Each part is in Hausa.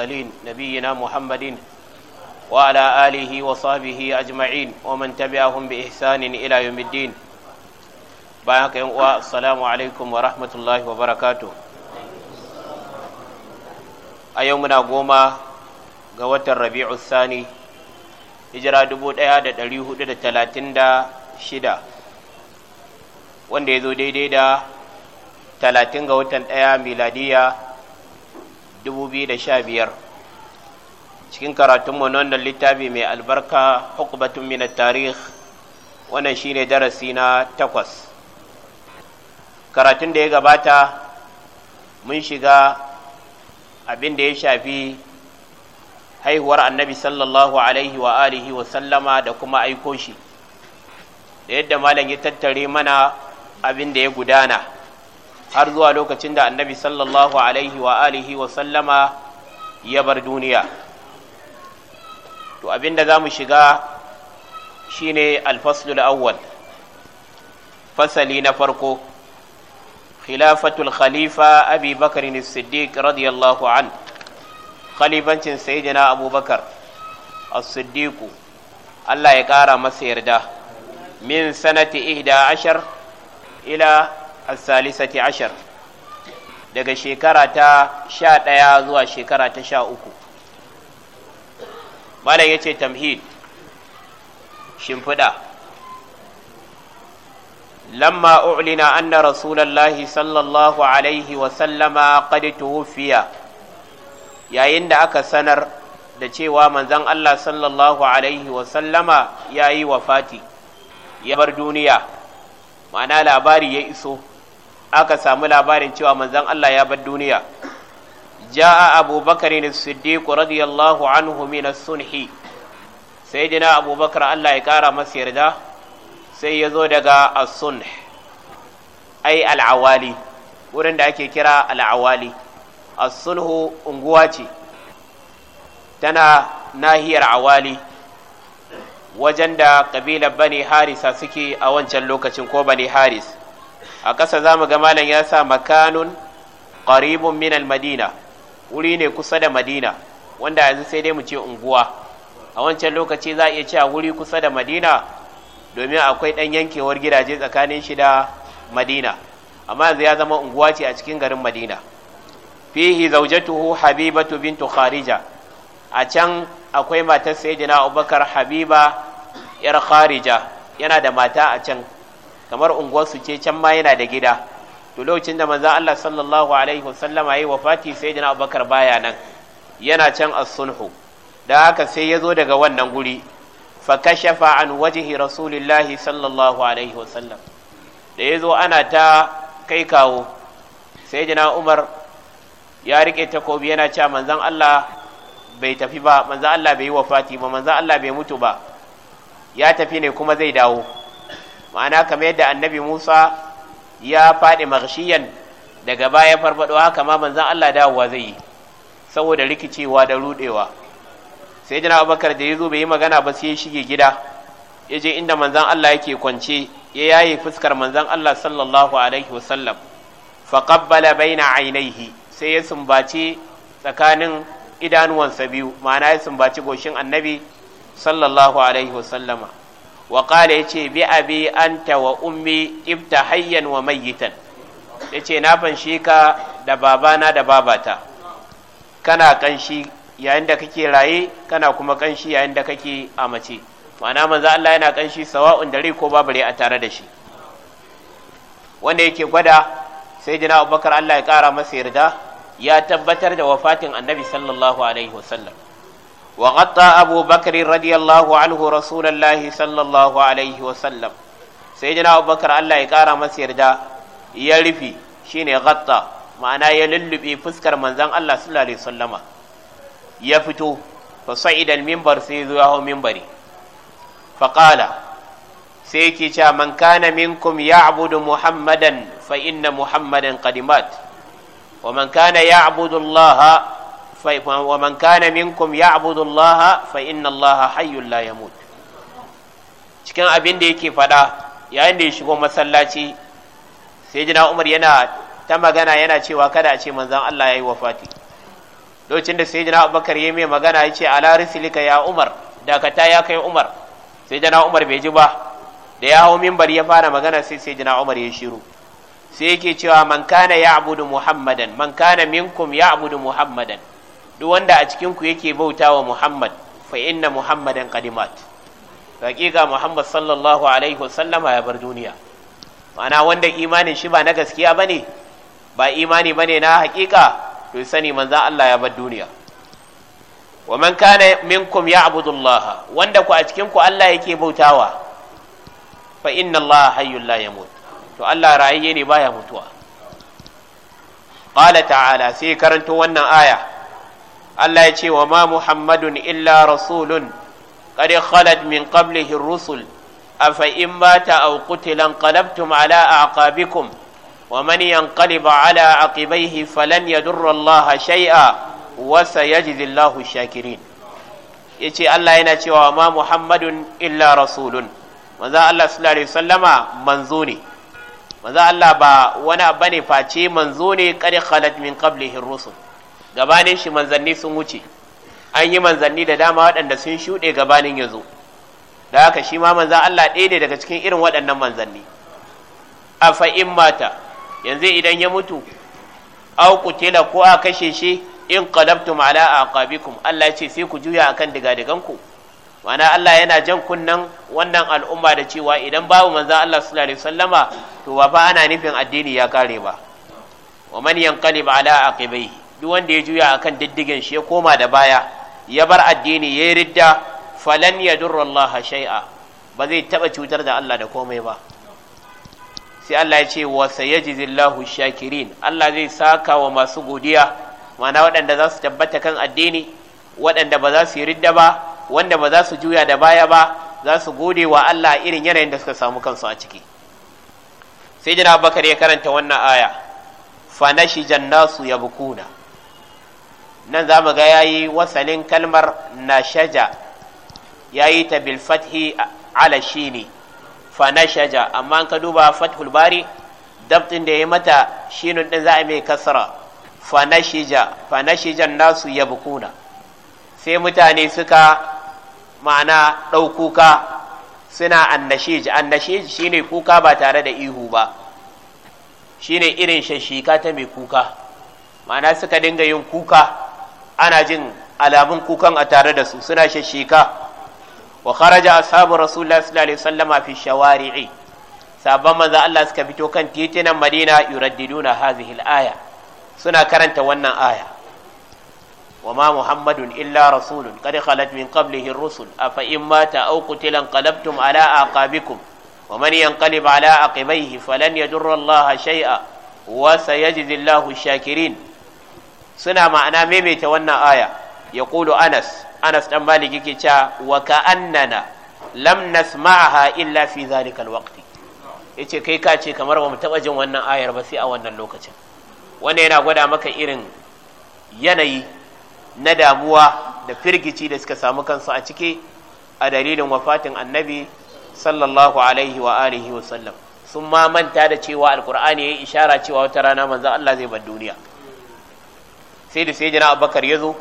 المرسلين نبينا محمد وعلى آله وصحبه أجمعين ومن تبعهم بإحسان إلى يوم الدين بارك السلام عليكم ورحمة الله وبركاته أيومنا قوما قوة الربيع الثاني hijira dubu ɗaya da ɗari hudu da talatin da shida wanda ya zo daidai da talatin ga watan ɗaya miladiya 2015 cikin karatun na wannan littafi mai albarka hukubatun min tarih wannan shine darasi na takwas karatun da ya gabata mun shiga abin da ya shafi haihuwar annabi sallallahu alaihi wa alihi wa sallama da kuma aiko shi da yadda malam ya tattare mana abin da ya gudana har zuwa lokacin da annabi sallallahu alaihi wa alihi wa sallama ya bar duniya to abinda za mu shiga shine alfaslul awwal fasali na farko khilafatul khalifa abi bakar siddiq radiyallahu an khalifancin sayyidina abubakar as-siddiq Allah ya ƙara masa yarda min sanati ihda ashar ila الثالثة عشر daga shekara ta sha ɗaya zuwa shekara ta sha uku malam ya ce tamhid shimfiɗa lamma u'lina anna rasulallahi sallallahu alaihi wasallama qad tuwfiya yayin da aka sanar da cewa manzon Allah sallallahu alaihi wasallama ya yi wafati ya bar duniya ma'ana labari ya iso aka samu labarin cewa manzon Allah ya bar duniya ja'a abubakar ne siddiq radiyallahu anhu min as-sunhi sayyidina abubakar Allah ya kara masa yarda sai ya zo daga as-sunh ai al-awali wurin da ake kira al-awali as sunh unguwa ce tana nahiyar awali wajen da kabilar bani harisa suke a wancan lokacin ko bani haris a ƙasa za mu ga malam ya sa makanun ƙaribun minal madina wuri ne kusa da madina wanda yanzu sai dai mu ce unguwa a wancan lokaci za a iya cewa wuri kusa da madina domin akwai ɗan yankewar gidaje tsakanin shi da madina amma yanzu ya zama unguwa ce a cikin garin madina fihi zaujatuhu habibatu bintu kharija a can akwai matar sayyidina abubakar habiba yar kharija yana da mata a can kamar unguwarsu ce can ma yana da gida to lokacin da manzon Allah sallallahu alaihi wasallam yayi wafati sayyidina Abubakar baya nan yana can as-sulhu da haka sai ya zo daga wannan guri fa kashafa an wajhi rasulillahi sallallahu alaihi wasallam da ya zo ana ta kai kawo sayyidina Umar ya rike takobi yana cewa manzan Allah bai tafi ba manzo Allah bai yi wafati ba manzo Allah bai mutu ba ya tafi ne kuma zai dawo ma'ana kamar yadda annabi Musa ya faɗi maghshiyan daga baya farfado haka ma manzon Allah dawowa zai yi saboda rikicewa da rudewa sai jina Abubakar da yazo bai yi magana ba sai ya shige gida ya je inda manzon Allah yake kwance ya yaye fuskar manzon Allah sallallahu alaihi wasallam fa qabbala baina ainihi sai ya sumbace tsakanin idanuwansa biyu ma'ana ya sumbace goshin annabi sallallahu alaihi wasallama wa ya yace bi abi anta wa ummi ibta hayyan wa Ya yace na fanshi ka da babana da babata kana kanshi yayin da kake raye kana kuma kanshi yayin da kake a mace ma'ana manzo Allah yana kanshi sawa'un dare ko babare a tare da shi wanda yake gwada sai jina abubakar Allah ya kara masa yarda ya tabbatar da wafatin annabi sallallahu alaihi wasallam وغطى أبو بكر رضي الله عنه رسول الله صلى الله عليه وسلم سيدنا أبو بكر الله يقارى مسير دا يلفي شيني غطى معناه يللبي فسكر منزان الله صلى الله عليه وسلم يفتو فصعد المنبر سيذوه منبري فقال سيكي من كان منكم يعبد محمدا فإن محمدا قد مات ومن كان يعبد الله wa mankana kana minkum ya'budu Allah fa inna Allah hayyul la cikin abin da yake fada yayin da ya shigo masallaci sai Umar yana ta magana yana cewa kada a ce manzon Allah ya yi wafati lokacin da sai ya Abubakar yayi mai magana yace ala rislika ya Umar dakata ya kai Umar sai Umar bai ji ba da ya hau mimbar ya fara magana sai sai Umar ya shiru sai yake cewa man kana ya'budu Muhammadan man kana minkum abudu Muhammadan duk wanda a cikinku yake bautawa Muhammad fa inna Muhammadan qadimat haƙiƙa Muhammad sallallahu alaihi wasallama ya bar duniya ma'ana wanda imanin shi ba na gaskiya bane ba imani bane na haƙiƙa to sani manzan Allah ya bar duniya wa man kana minkum Allah. wanda ku a cikinku Allah yake bautawa fa inna Allah hayyul la yamut to Allah rayayye ne baya mutuwa qala ta'ala sai karanto wannan aya Allah ya ce wa ma Muhammadun illa rasulun qad khalat min qablihi rusul afa in mata aw qutila qalabtum ala aqabikum wa man yanqalib ala aqibaihi falan yadurra Allah shay'a wa sayajzi Allahu shakirin yace Allah yana cewa wa ma Muhammadun illa rasulun manzo Allah sallallahu alaihi wasallama manzo ne manzo Allah ba wani bane face manzo ne qad khalat min qablihi rusul gabanin shi manzanni sun wuce an yi manzanni da dama waɗanda sun shuɗe gabanin ya zo da haka shi ma manzan Allah ɗaya ne daga cikin irin waɗannan manzanni a fa'in mata yanzu idan ya mutu au kutila ko a kashe shi in qalabtum ala aqabikum Allah ya ce sai ku juya akan digadiganku Mana Allah yana jan kunnan wannan al'umma da cewa idan babu manzan Allah sallallahu alaihi wasallama to ba ana nufin addini ya kare ba wa man yanqalib ala aqibaihi duk wanda ya juya akan diddigen shi ya koma da baya ya bar addini ya yi ridda falan ya Allah shai'a ba zai taɓa cutar da Allah da komai ba sai Allah ya ce wa sayajizillahu shakirin Allah zai saka wa masu godiya mana waɗanda za su tabbata kan addini waɗanda ba za su yi ridda ba wanda ba za su juya da baya ba za su gode wa Allah irin yanayin da suka samu kansu a ciki sai jina bakar ya karanta wannan aya fa nashi jannasu bukuna. nan za mu ga ya yi wasalin kalmar na shaja ya yi ta bilfathi ala shi ne fa na shaja amma ka duba fathul bari dabtin da ya mata shinun din za a mai kasara fa na shija fa na shijan nasu ya bukuna sai mutane suka ma'ana ɗaukuka suna annashij annashij shine kuka ba tare da ihu ba shine irin shashika ta mai kuka ma'ana suka dinga yin kuka ana jin alamun kukan a tare da su suna shashika wa kharaja ashabu rasulullah sallallahu alaihi wasallama fi shawari'i sabon maza Allah suka fito kan titunan Madina yuraddiduna hadhihi al-aya suna karanta wannan aya Wama ma muhammadun illa rasulun qad khalat min qablihi ar-rusul afa in mata aw qutila qalabtum ala aqabikum wa manyan yanqalib ala aqibaihi falan yadurra Allah shay'a wa sayajzi Allahu shakirin suna ma'ana maimaita wannan aya ya kulu anas anas dan maliki yake cewa wa annana lam nasma'aha illa fi zalikal waqti yace kai ka ce kamar ba mu taba jin wannan ayar ba sai a wannan lokacin wannan yana gwada maka irin yanayi na damuwa da firgici da suka samu kansu a ciki a dalilin wafatin annabi sallallahu alaihi wa alihi wa sallam sun ma manta da cewa alkur'ani ya ishara cewa wata rana manzo Allah zai bar duniya sai da sayyidina abubakar ya zo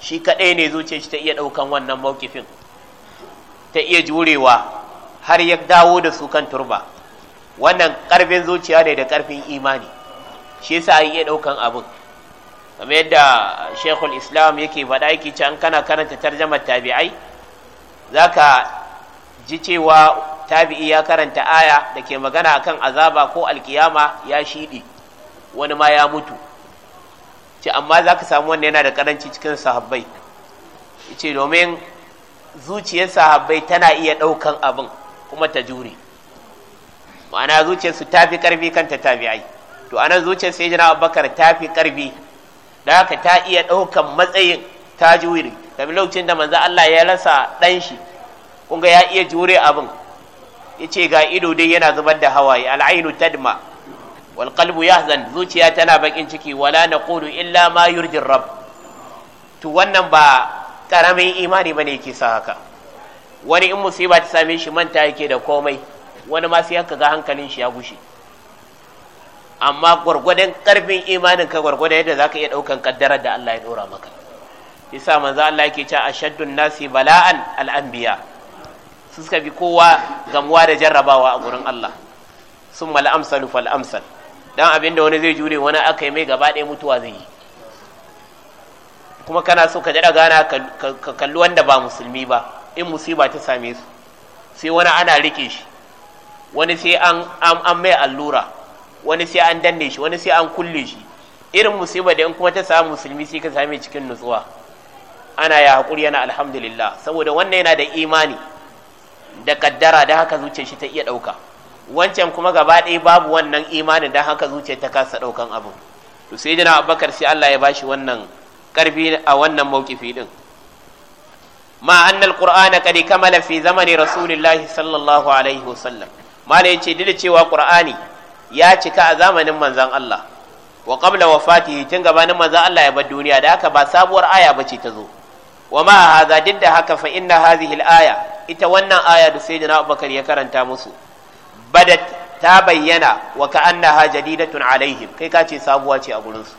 shi kaɗai ne zuciya shi ta iya ɗaukan wannan maukifin ta iya jurewa har ya dawo da su kan turba wannan ƙarfin zuciya ne da ƙarfin imani shi sa an iya ɗaukan abin kamar yadda shekul islam yake faɗa yake can kana karanta tarjamar tabi'ai za ka ji cewa tabi'i ya karanta aya da ke magana akan azaba ko alkiyama ya shiɗi wani ma ya mutu ce amma za ka samu wanda yana da karanci cikin sahabbai ce domin zuciyar sahabbai tana iya ɗaukan abin kuma ta jure ma'ana zuciyarsu ta fi ƙarfi kanta ta ai to anan zuciyar sai jina abubakar ta fi ƙarfi da haka ta iya ɗaukan matsayin ta jure kamar lokacin da manzo Allah ya rasa ɗan shi kun ya iya jure abin ya ce ga ido dai yana zubar da hawaye al'ainu tadma Walƙalbu ya yahzan zuciya tana bakin ciki wala na kudu illa ma yurdi rab. to wannan ba karamin imani bane ke sa haka wani in musiba ta same shi manta yake da komai wani ma sai haka ga hankalin shi ya gushe amma gwargwadon karfin imanin ka da yadda ka iya ɗaukan ƙaddarar da Allah ya dora maka yasa manzo Allah yake cewa ashaddun nasi bala'an al su suka bi kowa gamuwa da jarrabawa a gurin Allah sun mal amsalu fal amsal dan abin da wani zai jure wani aka yi mai gaba ɗaya mutuwa zai yi kuma kana so ka daɗa gana ka kalli wanda ba musulmi ba in musiba ta same su sai wani ana rike shi wani sai an mai allura wani sai an danne shi wani sai an kulle shi irin musiba da in kuma ta samu musulmi sai ka same cikin nutsuwa ana ya haƙuri yana alhamdulillah saboda wannan yana da imani da kaddara da haka zuciyar shi ta iya ɗauka wancan kuma gaba ɗaya babu wannan imanin don haka zuciya ta kasa ɗaukan abu. to sai jina abubakar sai Allah ya bashi wannan ƙarfi a wannan mawkifi din ma annal qur'ana kammala kamala fi zamani rasulillahi sallallahu alaihi wasallam malai yace duk cewa qur'ani ya cika a zamanin manzon Allah wa qabla wafatihi tun gabanin manzon Allah ya bar duniya da haka ba sabuwar aya bace ta zo wa ma hadha duk da haka fa inna hadhihi al-aya ita wannan aya da sayyidina Abubakar ya karanta musu badat ta bayyana wa ka'annaha jadidatun alaihim kai ka ce sabuwa ce a gurinsu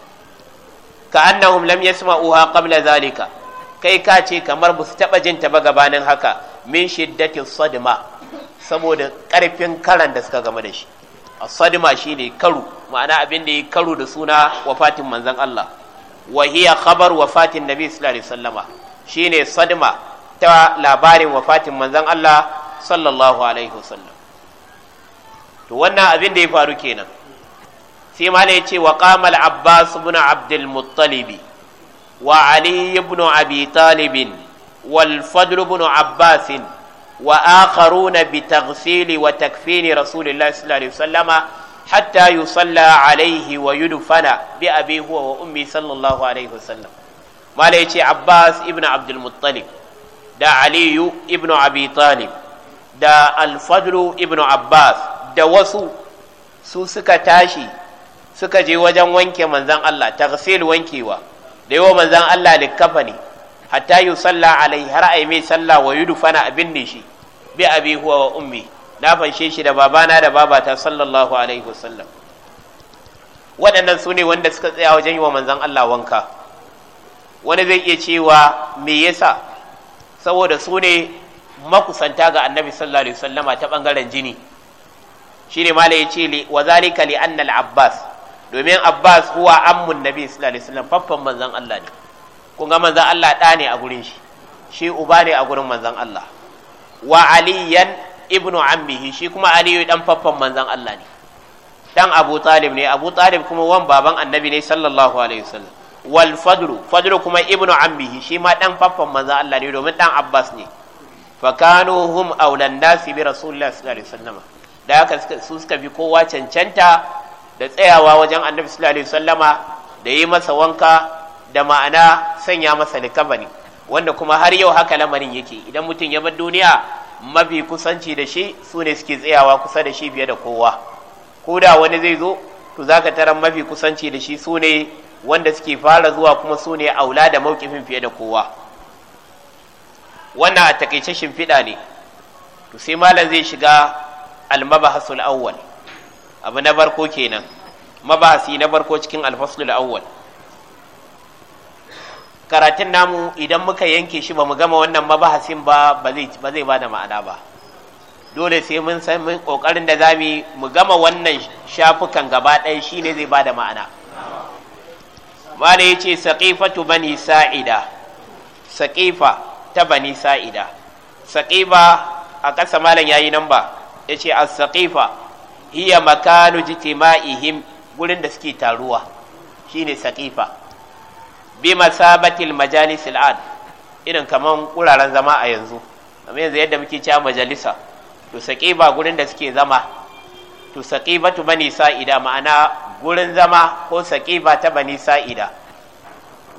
ka'annahum lam yasma'uha qabla zalika kai ka ce kamar ba su taɓa jin ta ba gabanin haka min shiddatin sadma saboda ƙarfin karan da suka game da shi sadma shine karu ma'ana abin da ya karu da suna wafatin manzon Allah wa hiya khabar wafatin nabi sallallahu alaihi wasallama shine sadma ta labarin wafatin manzon Allah sallallahu alaihi wasallam to wannan abin da ya faru kenan sai mala ya ce wa qamal abbas ibn abdul muttalib wa ali ibn abi talib wal fadl ibn abbas wa akharuna bi taghsil wa takfin rasulillah sallallahu alaihi wasallama hatta yusalla alaihi wa yudfana bi abi huwa wa ummi sallallahu alaihi wasallam mala ya ce abbas ibn abdul muttalib da aliyu ibn abi talib da alfadlu ibn abbas da wasu su suka tashi suka je wajen wanke manzan Allah taghsil wankewa da yawa manzan Allah kafa ne hatta yi sallah alai har yi mai sallah wa yudu abin ne shi bi abi huwa wa ummi na fanshe shi da babana da babata sallallahu alaihi wasallam waɗannan su ne wanda suka tsaya wajen yi wa manzan Allah wanka wani zai iya cewa me yasa saboda su ne makusanta ga annabi sallallahu alaihi wasallama ta ɓangaren jini shine mala yace li wa zalika li anna al abbas domin abbas huwa ammun nabi sallallahu alaihi wasallam faffan manzon Allah ne kun ga manzon Allah da ne a gurin shi shi uba ne a gurin manzon Allah wa aliyan ibnu ammihi shi kuma aliyu dan faffan manzon Allah ne dan abu talib ne abu talib kuma wan baban annabi ne sallallahu alaihi wasallam wal fadlu fadlu kuma ibnu ammihi shi ma dan faffan manzon Allah ne domin dan abbas ne fa kanu hum awlan nasi bi rasulillahi sallallahu alaihi wasallam da haka su suka fi kowa cancanta da tsayawa wajen annabi sallallahu alaihi wasallama da yi masa wanka da ma'ana sanya masa likabani wanda kuma har yau haka lamarin yake idan mutum ya bar duniya mafi kusanci da shi su suke tsayawa kusa da shi fiye da kowa ko da wani zai zo to zaka tarar mafi kusanci da shi su wanda suke fara zuwa kuma su ne aula da mawkifin fiye da kowa wannan a takaice shimfiɗa ne to sai malam zai shiga al-mabahasul awwal abu na barko kenan mabahasi na barko cikin al-faslul awwal karatun namu idan muka yanke shi ba mu gama wannan mabahasin ba ba zai ba da ma'ana ba dole sai mun san mun kokarin da zamu mu gama wannan shafukan gaba ɗaya shine zai bada ma'ana mala yace saqifatu bani sa'ida saqifa ta bani sa'ida saqiba a ƙasa malam yayi nan ba ce as saƙifa, hiya makanu ma'ihim gurin da suke taruwa shine saƙifa, bi masabatil majalis al-ad irin kamar wuraren zama a yanzu amma yanzu yadda muke cewa majalisa to saƙifa gurin da suke zama to saƙifa tu bani sa'ida ma'ana gurin zama ko saƙifa ta bani sa'ida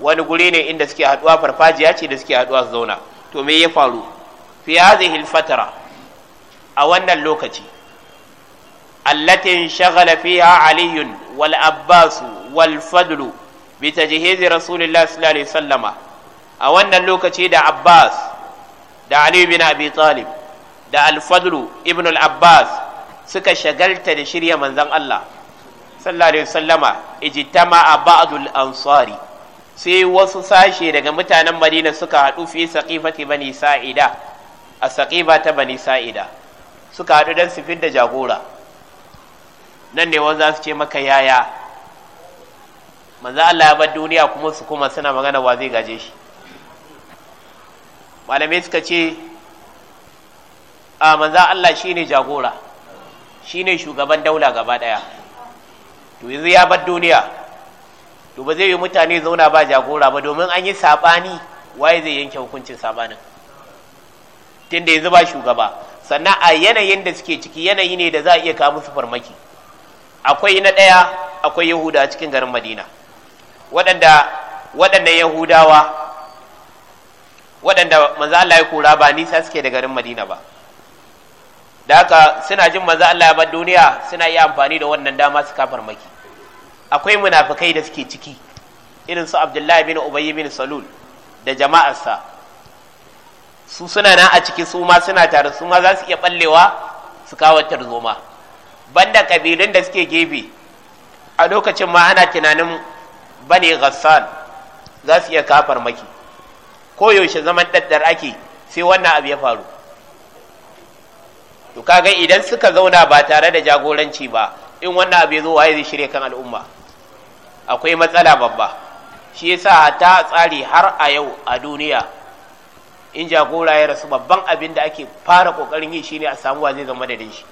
wani guri ne inda suke haɗuwa farfajiya ce da suke haɗuwa su zauna to me ya faru fi hadhihi al-fatara a wannan lokaci allatin shagala fiha aliyun wal abbasu wal fadlu bi tajhizi rasulillah sallallahu alaihi wasallama a wannan lokaci da abbas da ali bin abi talib da al fadlu ibn al abbas suka shagalta da shirya manzon Allah sallallahu alaihi wasallama ijtama'a ba'd al ansari sai wasu sashe daga mutanen Madina suka haɗu fi saqifati bani sa'ida a saqiba ta bani sa'ida suka haɗu don sifin da jagora nan ne wanda su ce maka yaya manzo Allah ya bar duniya kuma su kuma suna magana wa zai gaje shi malamai suka ce a manzo Allah shi ne jagora shi ne shugaban daula gaba ɗaya. to yanzu ya bar duniya to ba zai yi mutane zauna ba jagora ba domin an yi sabani waye zai yanke hukuncin sabanin tunda yanzu ba shugaba sannan a yanayin da suke ciki yanayi ne da za a iya kawo musu farmaki akwai na ɗaya akwai yahuda cikin garin madina waɗanda waɗannan yahudawa waɗanda maza Allah ya kura ba nisa suke da garin madina ba da haka suna jin maza Allah ya bar duniya suna iya amfani da wannan dama su farmaki farmaki. akwai munafikai da suke ciki irin su Abdullahi bin Ubay bin Salul da jama'arsa su suna nan a ciki su ma suna tare su ma za su iya ballewa su kawo tarzoma banda kabilun da suke gefe a lokacin ma ana tunanin bane ghassan za su iya kafar maki Ko yaushe zaman daddar ake sai wannan abu ya faru to kaga idan suka zauna ba tare da jagoranci ba in wannan abu ya zo waye zai shirya kan al'umma akwai matsala babba shi yasa ta tsari har a yau a duniya in jagora ya rasu babban abin da ake fara kokarin yi shine a samu wa zai zama da shi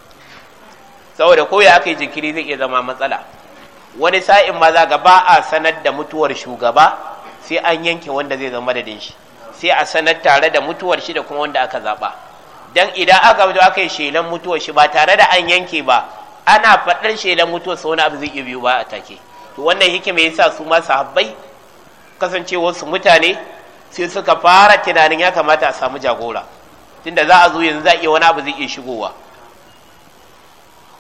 saboda ko ya aka yi jinkiri zai iya zama matsala wani sa'in ma za ga ba a sanar da mutuwar shugaba sai an yanke wanda zai zama da shi sai a sanar tare da mutuwar shi da kuma wanda aka zaba dan idan aka zo aka yi shelan mutuwar shi ba tare da an yanke ba ana faɗar shelan mutuwar sa wani abu zai iya biyu ba a take to wannan hikima yasa su ma sahabbai kasancewar su mutane sai suka fara tunanin ya kamata a samu jagora tunda za a zo yanzu za a iya wani abu zai iya shigowa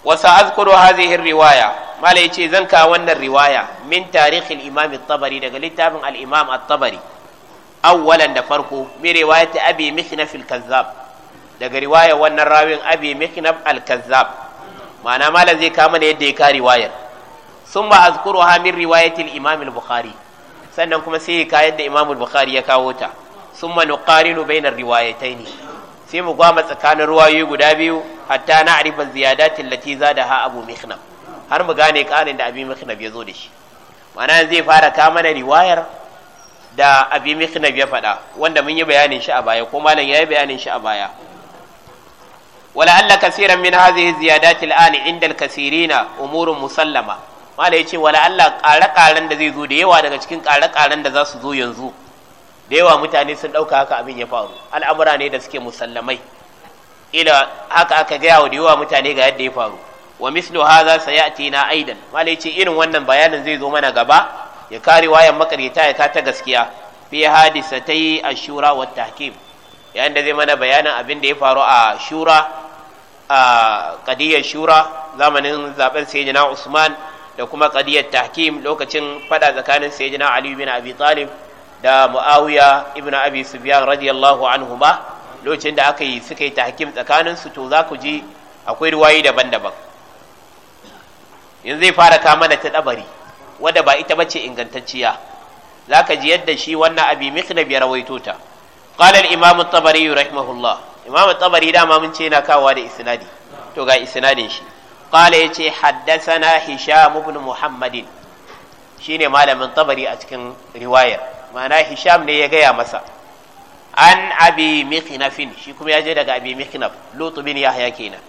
wasa azkuru hadhihi riwaya mala yace zan ka wannan riwaya min tarihi al-imam at-tabari daga littafin al-imam at-tabari awwalan da farko riwaya ta abi mihnaf al-kazzab daga riwaya wannan rawin abi mihnaf al-kazzab ma'ana mala zai kama ne yadda ya ka riwayar summa azkuruha min riwayatil imam al-bukhari sannan kuma sai ka yadda da Imam Bukhari ya kawo ta summa nuqarinu bainar ne, sai mu gwama tsakanin ruwayoyi guda biyu hatta na arifa ziyadatin lati zadaha Abu Mikhnab har mu gane karin da Abi Mikhnab ya zo da shi ma'ana zai fara ka mana riwayar da Abi Mikhnab ya faɗa wanda mun yi bayanin shi a baya ko malam yayi bayanin shi a baya ولعل min hadhihi هذه الزيادات inda al Kasirina umurun Musallama. mala ya ce wala Allah ƙare-ƙaren da zai zo da yawa daga cikin ƙare-ƙaren da za su zo yanzu da yawa mutane sun ɗauka haka abin ya faru al'amura ne da suke musallamai ila haka aka gaya wa da yawa mutane ga yadda ya faru wa mislu hadha sayati na aidan mala ce irin wannan bayanin zai zo mana gaba ya kare wayan makarita ya ta gaskiya fi hadisatai ashura wa tahkim yayin da zai mana bayanin abin da ya faru a shura a kadiyar shura zamanin zaben sayyidina usman da kuma qadiyat tahkim lokacin fada tsakanin sayyidina ali bin abi talib da muawiya ibn abi sufyan radiyallahu ba, lokacin da aka yi suka yi tahkim tsakanin su to za ku ji akwai ruwayi daban-daban yanzu zai fara kama da ta dabari wadda ba ita bace ingantacciya zaka ji yadda shi wannan abi mikna bi rawaito ta qala al-imam at-tabari rahimahullah imam at-tabari dama mun ce yana kawowa da isnadi to ga isnadin shi qala yace haddathana hisham ibn muhammadin shine malamin tabari a cikin riwaya ma'ana hisham ne ya gaya masa an abi mikhnafin shi kuma ya je daga abi mikhnaf lutu bin yahya kenan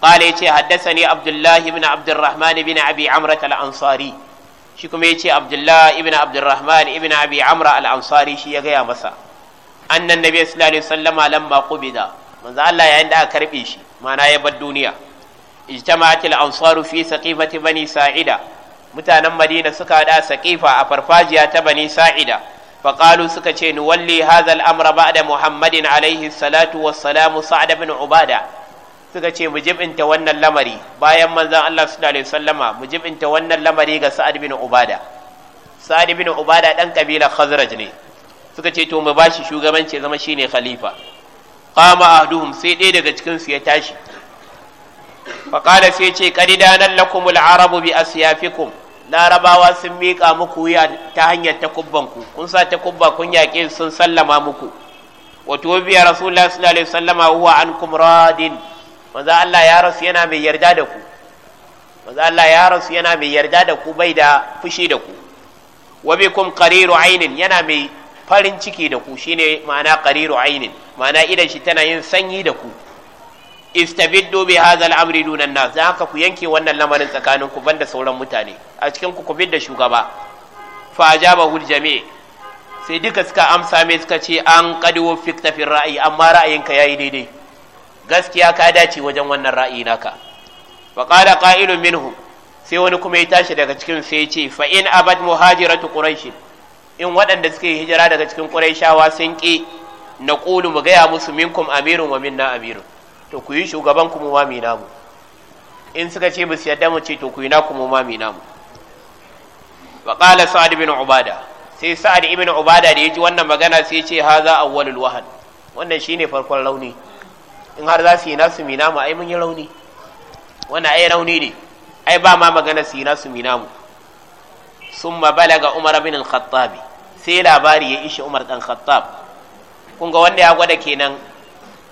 qala yace haddathani abdullahi ibn abdurrahman ibn abi amra al-ansari shi kuma yace abdullahi ibn abdurrahman ibn abi amra al-ansari shi ya gaya masa annan nabi sallallahu alaihi wasallama lamma qubida manzo Allah yayin da aka karbe shi ma'ana ya bar duniya ijtama'at al-ansaru fi saqifati bani sa'ida mutanen madina suka hada saqifa a farfajiya ta bani sa'ida fa qalu suka ce ni walli hadha al-amra ba'da muhammadin alaihi salatu wassalamu ubada suka ce mu jibinta wannan lamari bayan manzon Allah sallallahu alaihi wasallama mu jibinta wannan lamari ga sa'ad ibn ubada sa'ad ubada dan kabilar khazraj ne suka ce to mu bashi shugabanci zama shine khalifa qama ahduhum sai ɗaya daga cikin su ya tashi faƙada sai ce ƙadidanan lakumul arabu bi asiyafikum larabawa sun miƙa muku wuya ta hanyar takubbanku kun sa takubba kun yaƙe sun sallama muku wato biya rasulullah sallallahu alaihi sallama huwa ankum radin maza Allah ya rasu yana mai yarda da ku maza Allah ya rasu yana mai yarda da ku bai da fushi da ku wa kum qariru ainin yana mai farin ciki da ku shine ma'ana qariru ainin ma'ana idan shi tana yin sanyi da ku istabiddu bi hadha al-amri dunan nas dan haka ku yanke wannan lamarin tsakanin ku banda sauran mutane a cikin ku ku bidda shugaba fa ajaba hul jami sai duka suka amsa mai suka ce an qad wufiqta fi ra'yi amma ra'ayinka yayi daidai gaskiya ka dace wajen wannan ra'ayi naka wa qala qa'ilun minhu sai wani kuma ya tashi daga cikin sai ya ce fa in abad muhajiratu quraish in waɗanda suke hijira daga cikin quraishawa sun ki na mu gaya musu minkum amirun wa minna amirun to ku yi shugaban ku mu ma namu in suka ce ba su yadda mu ce to ku yi na mu ma namu wa qala sa'ad ibn ubada sai sa'ad ibn ubada da yaji wannan magana sai ya ce haza awwalul wahan wannan shine farkon rauni in har za su yi nasu minamu ai mun yi rauni wannan ai rauni ne ai ba ma magana su yi nasu minamu. namu summa balaga umar bin al-khattab sai labari ya ishe umar dan khattab kun ga wanda ya gwada kenan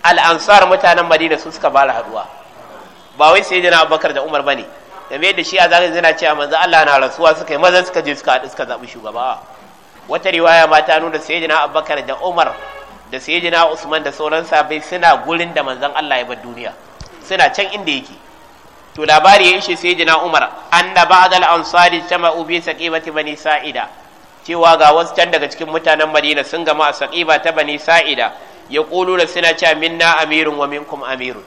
al'ansar mutanen madina su suka fara haduwa ba wai sai jana abubakar da umar bane da da shi a zagaye zina cewa manzan Allah na rasuwa suka yi maza suka je suka haɗu suka zaɓi shugaba wata riwaya ma ta nuna sai jana abubakar da umar da sai jana usman da sauran sabai suna gurin da manzan Allah ya bar duniya suna can inda yake to labari ya ishe sai jana umar An anna ba al ansari jama'u bi saqibati bani sa'ida cewa ga wasu can daga cikin mutanen madina sun gama a Saƙiba ta bani sa'ida ya ƙuluna suna cewa minna amirin wa minkum amirin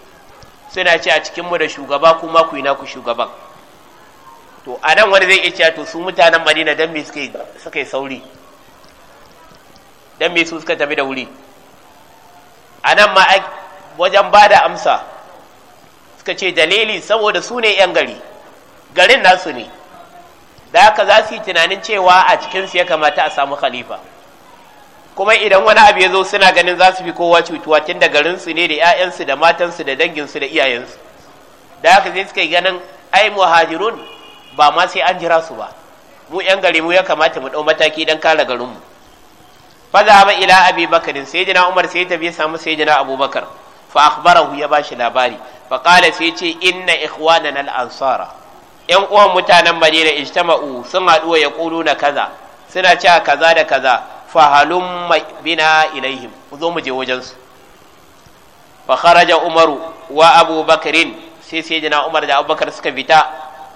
suna ce a cikinmu da shugaba kuma ku yi naku shugaban to a nan wani zai iya cewa to su mutanen madina don me suka yi sauri don me su suka tafi da wuri a nan ma wajen ba da amsa suka ce dalili saboda su ne 'yan gari garin nasu ne da haka za su yi tunanin cewa a cikinsu ya kamata a samu khalifa kuma idan wani abu ya zo suna ganin za su fi kowa cutuwa tun da garinsu ne da 'ya'yansu da matansu da danginsu da iyayensu da haka sai suka yi ganin ai muhajirun ba ma sai an jira su ba mu 'yan gari mu ya kamata mu ɗau mataki don kare garinmu za ba ila abi bakarin sai jina umar sai ta tafi samu sai jina abubakar fa akhbarahu ya shi labari fa qala sai ce inna ikhwanana al-ansara yan uwan mutanen madina ijtama'u sun haɗu ya na kaza suna cewa kaza da kaza fahalun bina ilaihim ku zo mu je wajensu fa kharaja umaru wa abubakarin sai sai jina umar da abubakar suka fita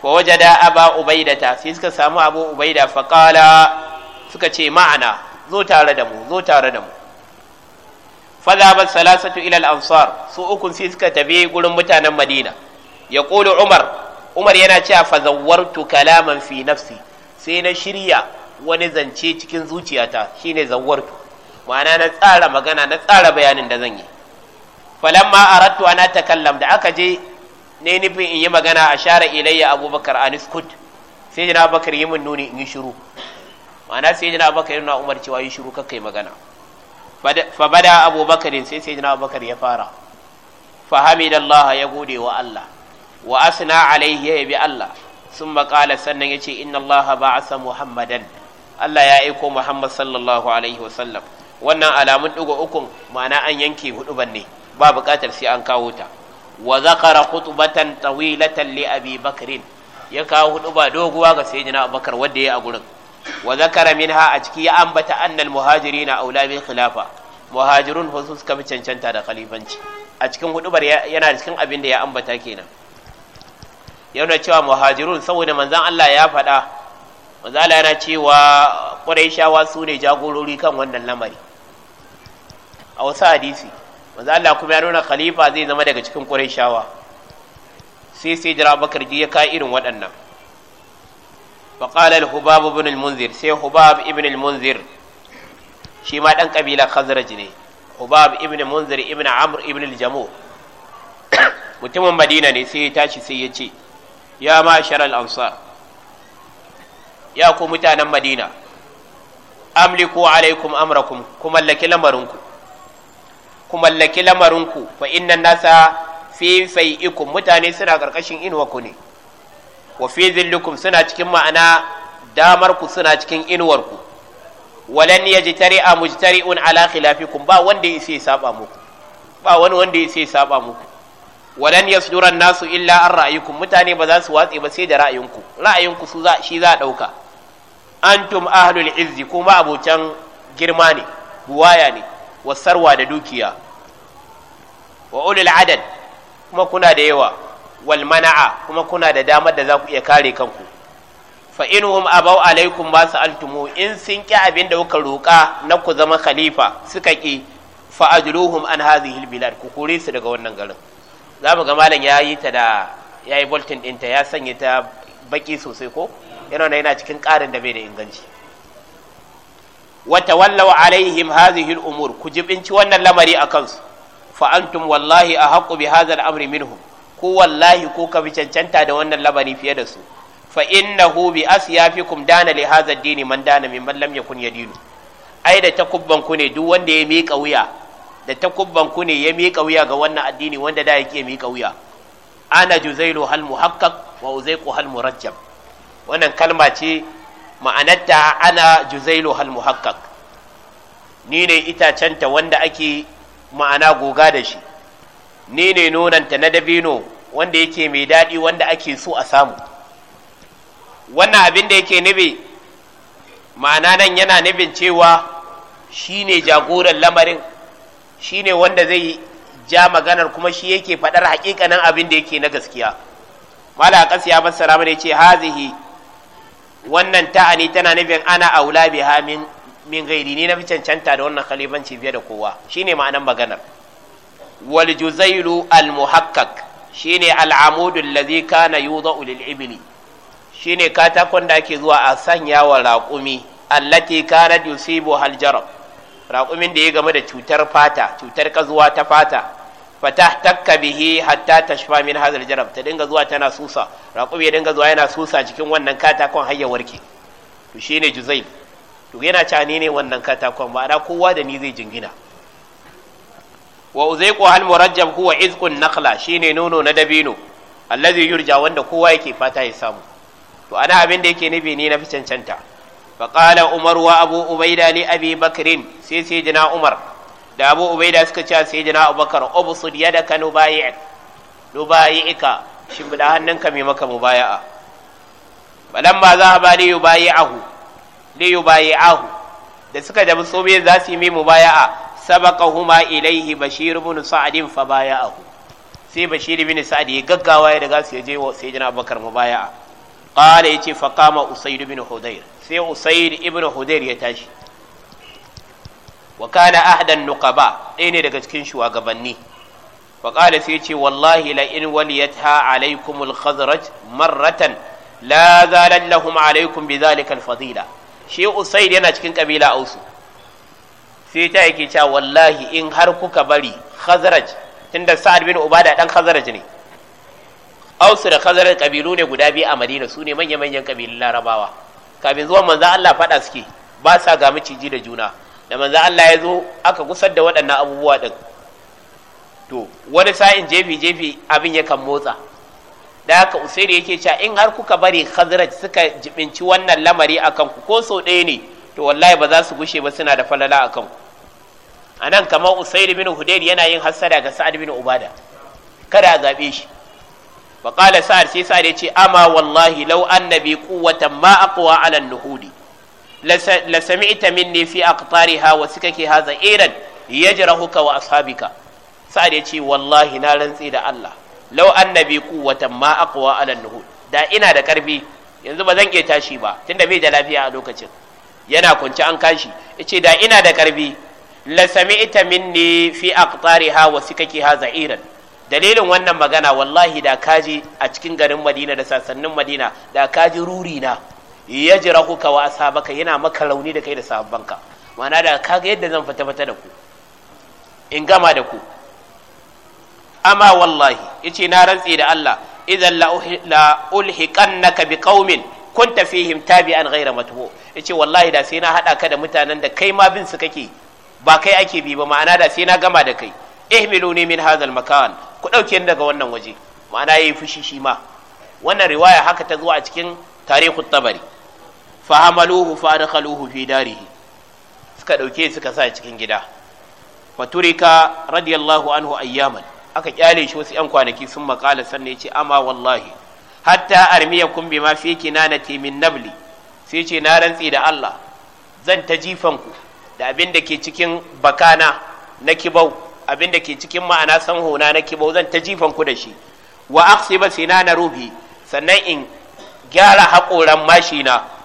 fa wajada aba ubaidata sai suka samu abu ubaida fa qala suka ce ma'ana zo tare da mu zo tare da mu fa zaba salasatu ila al-ansar su ukun sai suka tafi gurin mutanen madina ya qulu umar umar yana cewa fa zawwartu kalaman fi nafsi sai na shirya wani zance cikin zuciyata shine zawwartu ma'ana na tsara magana na tsara bayanin da zan yi falamma aradtu ana takallam da aka je ne nufin in yi magana a share ilayya abubakar iskut sai jina abubakar yi min nuni in yi shiru ma'ana sai jina abubakar yana umar cewa yi shiru yi magana fa bada abubakarin sai sai jina abubakar ya fara fahimidallah ya gode wa Allah wa asna alaihi ya yabi Allah sun maƙala sannan ya ce inna Allah ba'asa muhammadan Allah ya aiko Muhammad sallallahu alaihi wasallam wannan alamun ɗigo ukun ma'ana an yanke hudu ne ba buƙatar sai an kawo ta wa zakara khutbatan tawilatan li abi bakrin ya kawo hudu doguwa ga sayyidina abubakar wanda ya a gurin wa zakara minha a ciki ya ambata annal muhajirina aula bil khilafa muhajirun husus fi cancanta da khalifanci a cikin hudubar yana cikin abin da ya ambata kenan yana cewa muhajirun saboda manzon Allah ya faɗa manzala yana cewa ƙwarai su ne jagorori kan wannan lamari a wasu hadisi manzala kuma ya nuna khalifa zai zama daga cikin ƙwarai shawa sai sai jira bakar ya ka irin waɗannan faƙalar hubab ibn munzir sai hubab ibn munzir shi ma ɗan ƙabila khazraj ne hubab ibn munzir ibn amr ibn al-jamu mutumin madina ne sai ya tashi sai ya ce ya ma sharal ansar ya ku mutanen madina amliku alaikum amrakum ku mallaki lamarinku ku mallaki lamarinku fa innan nasa fi fai'ikum mutane suna karkashin inuwarku ne wa fi zillukum suna cikin ma'ana damarku suna cikin inuwarku walan yajtari a mujtari'un ala khilafikum ba wanda yake saba muku ba wani wanda yake saba muku walan yasduran nasu illa an ra'ayikum mutane ba za su watse ba sai da ra'ayinku ra'ayinku su za shi za dauka antum ahlul izzi kuma abokan girma ne buwaya ne wa sarwa da dukiya wa ulul adad kuma kuna da yawa wal mana'a kuma kuna da damar da za ku iya kare kanku fa inhum abau alaikum ba altumo in sun ki abin da kuka roka na ku zama khalifa suka ki fa ajruhum an hadhihi bilad ku kore su daga wannan garin zamu ga malam ya ta da yayi boltin ɗinta ya sanya ta baki sosai ko yana yana cikin ƙarin da bai da inganci wata wallawa alaihim hazihi umur ku jibinci wannan lamari a kansu fa antum wallahi a haƙu bi hazal amri minhu ku wallahi ko ka fi cancanta da wannan lamari fiye da su fa innahu bi asyafikum dana li hadha ad-dini man dana mimman lam yakun yadinu ai da takubban ku ne duk wanda ya miƙa wuya da takubban ku ne ya miƙa wuya ga wannan addini wanda da yake miƙa wuya ana juzailu hal muhaqqaq wa uzaiqu hal murajjab wannan kalma ce ma'anarta ana juzailu hal muhakkak ni ne itacenta wanda ake ma'ana goga da shi ni ne nonanta na dabino wanda yake mai daɗi wanda ake so a samu wannan abin da yake nufi ma'ana nan yana nufin cewa shi ne jagoran lamarin shi ne wanda zai ja maganar kuma shi yake faɗar haƙiƙanin abin da yake na gaskiya mala ƙasa ya fassara mana ce hazihi wannan ta'ani tana nufin ana aula biha min min gairi ni na fi cancanta da wannan khalifanci fiye da kowa shine ma'anar maganar wal juzailu al muhakkak shine al amudul ladhi kana yudau lil ibli shine katakon da ake zuwa a sanya wa raƙumi allati kana yusibu hal jarab raƙumin da ya game da cutar fata cutar kazuwa ta fata takka bihi hatta tashfa min hadhal jarab ta dinga zuwa tana susa raqub ya dinga zuwa yana susa cikin wannan katakon har ya warke to shine juzail to yana cewa ne wannan katakon ana kowa da ni zai jingina wa uzaiqu hal murajjab huwa izqun naqla shine nono na dabino allazi yurja wanda kowa yake fata ya samu to ana abin da yake nufi ne na fi cancanta fa qala umar wa abu ubaida li abi bakrin sai sai jina umar da abu ubaida suka ce sai jina abubakar obusud ya da ka nubayi'ika shi buɗa hannunka mai maka mubaya'a balan ba za a ba liyu ahu liyu ahu da suka da so biyu za su yi mai mubaya'a huma ilaihi bashir bin sa'adin fa ku. sai bashir bin sa'd ya gaggawa ya daga su ya je wa sai jina abubakar mubaya'a qala yace fa qama usayd bin hudayr sai usayd ibn hudayr ya tashi wa kana ahdan nuqaba ɗaya ne daga cikin shugabanni wa qala sai ce wallahi la in waliyatha alaykum al khazraj marratan la zalan lahum alaykum bi zalika al fadila shi usaid yana cikin kabila ausu sai ta yake cewa wallahi in har kuka bari khazraj tunda sa'ad bin ubada dan khazraj ne ausu da khazraj kabilu ne guda biyu a madina su ne manya-manyan kabilun larabawa kafin zuwan manzo Allah fada suke ba sa ga miciji da juna da manzan Allah ya zo aka gusar da waɗannan abubuwa ɗin to wani sa'in jefi-jefi abin yakan motsa da haka usairi yake cewa in har kuka bari khazraj suka jibinci wannan lamari a kanku ko sau ɗaya ne to wallahi ba za su gushe ba suna da falala a kanku a nan kamar usairi bin hudayr yana yin hassada ga sa'ad bin ubada kada a zaɓe shi fa qala sa'ad sai sa'ad ya ce ama wallahi lau annabi quwwatan ma aqwa ala nuhudi la sami'ta minni fi aqtariha wa sikaki hadha iran yajrahuka wa ashabika sa'ad ya ce wallahi na rantsi da Allah law annabi quwwatan ma aqwa ala nuhud da ina da karfi yanzu ba zan iya tashi ba tunda bai da lafiya a lokacin yana kunci an kashi yace da ina da karfi la sami'ta minni fi aqtariha wa sikaki hadha iran dalilin wannan magana wallahi da kaji a cikin garin madina da sassanin madina da kaji ruri na jira yajrahuka wa ashabaka yana maka rauni da kai da sahabbanka ma'ana da kaga yadda zan fata fata da ku in gama da ku amma wallahi yace na rantsi da Allah idan la ulhiqannaka biqaumin kunta fihim tabi'an ghayra matbu yace wallahi da sai na hada ka da mutanen da kai ma bin su kake ba kai ake bi ba ma'ana da sai na gama da kai ihmiluni min hadhal makan ku dauke ni daga wannan waje ma'ana yayi fushi shi ma wannan riwaya haka ta zo a cikin tarihut tabari fa hamaluhu fa adkhaluhu fi darihi suka dauke suka sa cikin gida faturika radiyallahu anhu ayyaman aka kyale shi wasu yan kwanaki sun makala sannan yace amma wallahi hatta armiyakum bima fi kinanati min nabli sai ce na rantsi da Allah zan ta jifan ku da abin da ke cikin bakana na kibau abin da ke cikin ma'ana sanhona na kibau zan ta jifan ku da shi wa aqsiba sinana rubi sannan in gyara hakoran mashina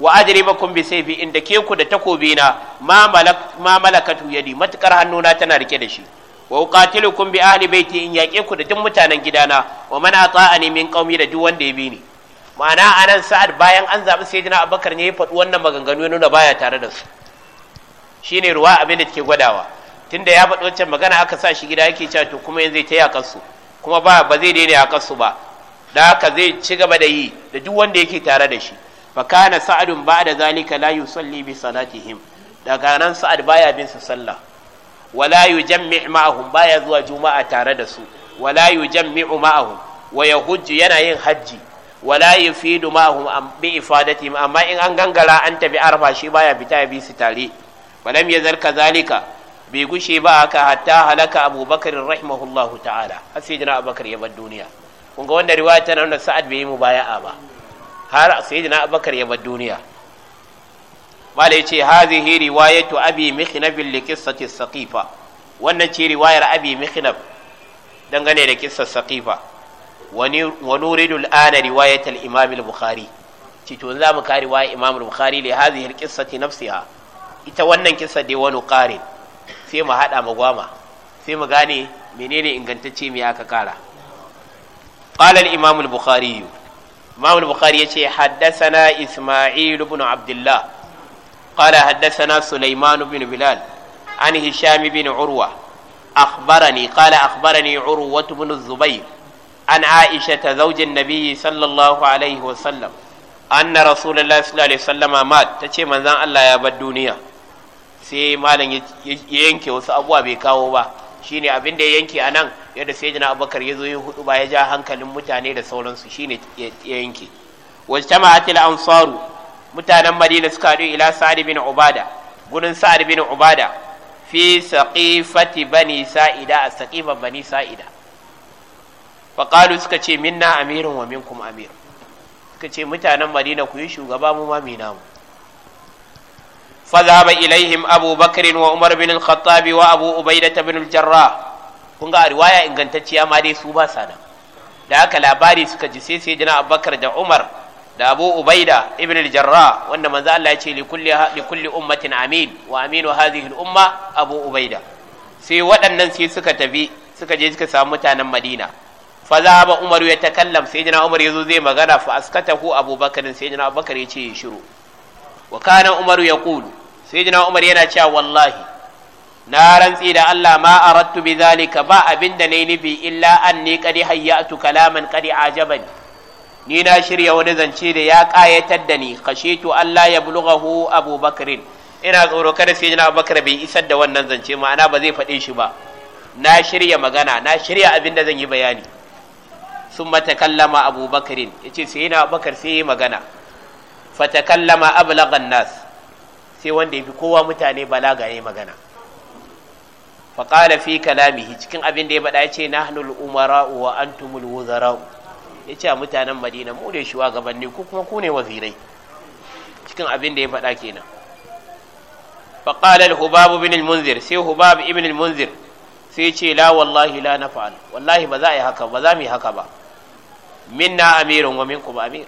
wa sai bi sayfi inda ke ku da takobi na ma malak ma malakatu yadi matukar hannuna tana rike da shi wa uqatilukum bi ahli baiti in yaqe ku da duk mutanen gidana wa man ata'ani min qaumi da duk wanda ya bi ni ma'ana anan sa'ad bayan an zabi sayyidina abubakar ne ya faɗi wannan maganganu ya nuna baya tare da su shine ruwa abin da take gwadawa tunda ya faɗi wancan magana aka sa shi gida yake cewa to kuma yanzu zai ta yakan su kuma ba ba zai daina yakan su ba da haka zai ci gaba da yi da duk wanda yake tare da shi fa kana sa'adun ba'da zalika la yusalli daga nan sa'ad baya bin su sallah wala yujammi' ma'ahum baya zuwa juma'a tare da su wala yujammi'u ma'ahum wa yahujju yana yin hajji wala yufidu ma'ahum bi ifadatihim amma in an gangara an tafi arfa shi baya fita ya bi su tare walam zarka kazalika bai gushe ba haka hatta halaka abubakar rahimahullahu ta'ala har abubakar ya bar duniya kun ga wannan riwaya tana nuna sa'ad bai yi mubaya'a ba har sayyidina abubakar ya bar duniya mala yace hazihi riwayatu abi mihnab li qissati saqifa wannan ce riwayar abi mihnab dangane da qissar saqifa wani wa nuridu al'ana riwayat al-imam al-bukhari ci to za mu kare riwayar imam al-bukhari li hazihi al-qissati nafsiha ita wannan kissa dai wani qarin sai mu hada gwama. sai mu gane menene ingantacce me aka kara qala al-imam al-bukhari imam al-bukhari yace haddathana isma'il ibn abdullah qala haddathana sulaiman ibn bilal an hisham ibn urwa akhbarani qala akhbarani urwa ibn zubayr an aisha zawj an-nabi sallallahu alaihi wa sallam anna rasulullahi sallallahu alaihi wa sallama mat tace manzon Allah ya bar duniya sai malam ya yanke wasu abuwa bai kawo ba shine abin da ya yanke a nan yadda sai jina abubakar ya zo yi hudu ba ya ja hankalin mutane da sauransu shine ya yanke wajtama atil ansaru mutanen madina suka haɗu ila sa'ad bin ubada gurin sa'ad bin ubada fi saqifati bani sa'ida a saqifan bani sa'ida faƙalu suka ce minna amirin wa minkum amir suka ce mutanen madina ku yi shugaba mu ma mu فذهب إليهم أبو بكر وعمر بن الخطاب وأبو أبيدة بن الجراح kun ga riwaya ingantacciya ma dai su ba sana da haka labari suka ji sai sai jina abubakar da umar da abu ubaida ibn al-jarra wanda manzo Allah ya ce ummatin amin wa aminu hadhihi al-umma abu ubaida sai waɗannan sai suka tafi suka je suka samu mutanen Madina fa zaba umaru ya takallam sai jina ya zo zai magana fa ko abubakar sai ya ce shiru wa kana umaru yaqulu sai jina umar yana cewa wallahi na rantsi da Allah ma arattu bi zalika ba abin da nayi nufi illa anni qad hayyatu kalaman qad ajabani ni na shirya wani zance da ya kayatar da ni khashitu Allah ya bulughahu Abu Bakr ina tsoro kada sai jina Abubakar bai isar da wannan zance ma'ana ba zai faɗe shi ba na shirya magana na shirya abin da zan yi bayani sun matakallama Abu Bakr yace sai na Abubakar sai yi magana fatakallama ablaghan nas sai wanda ya fi kowa mutane balaga ya magana faƙala fi kalamihi cikin abin da ya bada ya ce nahnul umara'u wa antumul wuzara'u ya ce a mutanen madina mu ne gabanni ku kuma ku ne wazirai cikin abin da ya faɗa kenan faƙala hubabu bin munzir sai hubab ibn munzir sai ce la wallahi la nafa'al wallahi ba za a yi haka ba za mu yi haka ba minna amirun wa minkum amir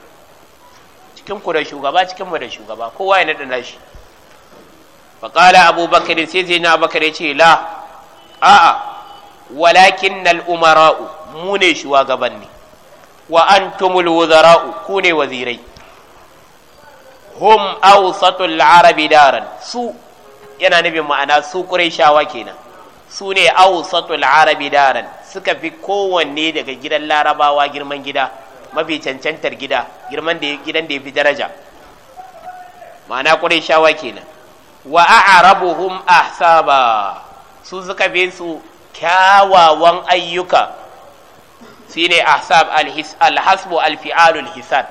cikin ku da shugaba cikin mu da shugaba kowa ya naɗa nashi faƙala abubakar sai zai na bakar ya ce la a'a walakin nal umara'u mu ne shugabanni wa antumul wuzara'u ku ne wazirai hum awsatul arabi daran su yana nufin ma'ana su shawa kenan su ne awsatul arabi daran suka fi kowanne daga gidan larabawa girman gida mafi cancantar gida girman da gidan da ya fi daraja ma'ana shawa kenan wa a'rabuhum ahsaba su suka bi su kyawawan ayyuka shine ahsab alhasbu alfi'alul hisab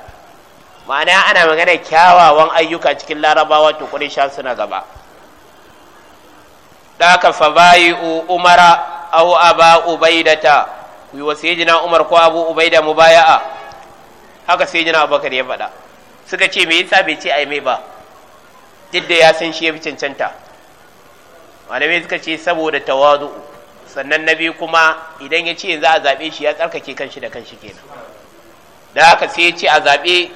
ma'ana ana magana kyawawan ayyuka cikin larabawa to kudin sha suna gaba daka fa bayu umara aw aba ubaidata ku yi umar ko abu ubaida mubaya'a haka sayyidina abubakar ya faɗa suka ce me yasa bai ce ai mai ba duk da ya san shi ya fi cancanta malamai suka ce saboda Tawadu sannan na biyu kuma idan ya ce yanzu a zaɓe shi ya tsarkake kanshi da kanshi kenan da haka sai ya ce a zaɓe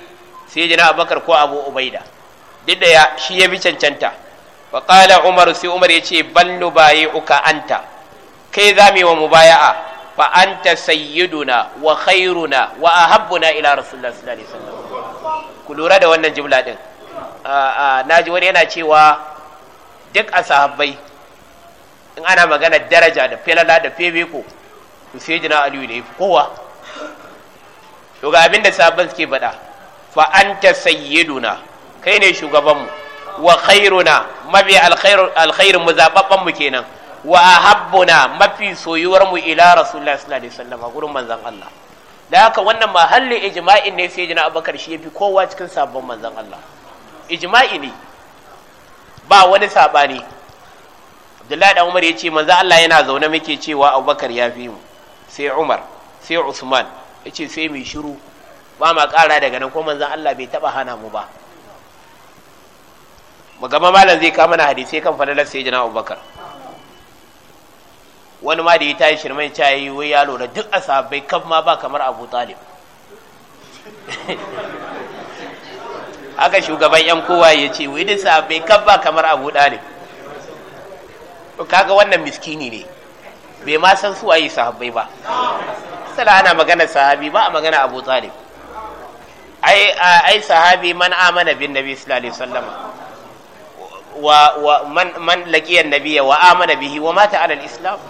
sai jina bakar ko abu ubaida duk da ya shi ya fi cancanta wa umar sai umar ya ce ballu baye uka anta kai za mu yi wa mubaya'a fa anta sayyiduna wa khairuna wa ahabbuna ila rasulullah sallallahu alaihi wasallam ku lura da wannan jibla din naji wani yana cewa duk a sahabbai in ana magana daraja da felala da febeko ku sai jina aliyu da ya fi kowa to ga abin da sahabban suke faɗa fa anta sayyiduna kai ne shugabanmu wa khairuna mabi alkhairin mu zababban mu kenan wa ahabbuna mafi soyuwar mu ila rasulullahi sallallahu alaihi wasallam gurin manzon Allah da haka wannan mahalli ijma'in ne sai jina abakar shi yafi kowa cikin sabon manzon Allah ijma'i ne ba wani saɓani abdullahi dan umar ya ce manzo Allah yana zaune muke cewa abubakar ya fi mu sai umar sai usman ya ce sai mai shiru ba ma ƙara daga nan ko manzo Allah bai taɓa hana mu ba magama malam zai kama na hadisai kan fadalar sai jana abubakar wani ma da ya tashi shirman ta yi wai ya lura duk asabai kan ma ba kamar abu talib Aka shugaban yan kowa ya ce wani sabai kabba kamar abu ɗalib kaga wannan miskini ne bai ma san su waye sahabbai ba sala ana magana sahabi ba a magana abu talib ai sahabi man amana bin nabi sallallahu alaihi wasallam wa wa man man laqiya wa amana bihi wa mata ala al-islam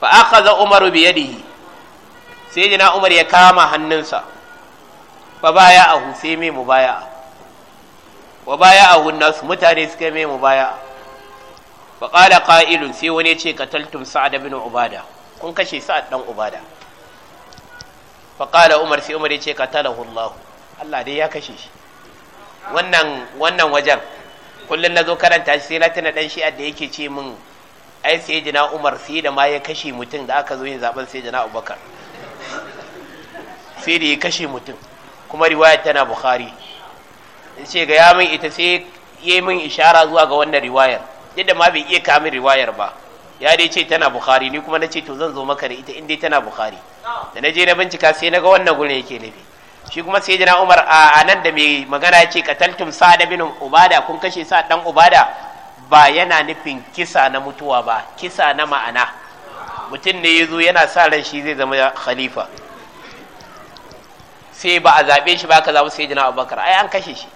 fa akhadha umar bi yadihi sayyidina umar ya kama hannunsa fa baya mai mu wa baya a hunna mutane suka mai mu baya fa qala qa'ilun sai wani ce kataltum sa'ad ibn ubada kun kashe sa'ad dan ubada fa qala umar sai umar ya ce qatalahu allah allah dai ya kashe shi wannan wannan wajen kullum na zo karanta shi sai na tuna dan shi'a da yake ce min ai sai jina umar sai da ma ya kashe mutum da aka zo yin zaben sai jina abubakar sai da ya kashe mutum kuma riwayar tana bukhari in ce ga ya min ita sai ya min ishara zuwa ga wannan riwayar yadda ma bai iya kamin riwayar ba ya dai ce tana bukhari ni kuma na ce to zan zo maka da ita inda tana bukhari da na je na bincika sai na ga wannan gurin yake nufi shi kuma sai jina umar a nan da mai magana ya ce kataltum da bin ubada kun kashe sa dan ubada ba yana nufin kisa na mutuwa ba kisa na ma'ana mutum ne ya zo yana sa ran shi zai zama khalifa sai ba a zaɓe shi ba ka zaɓi sai jina abubakar ai an kashe shi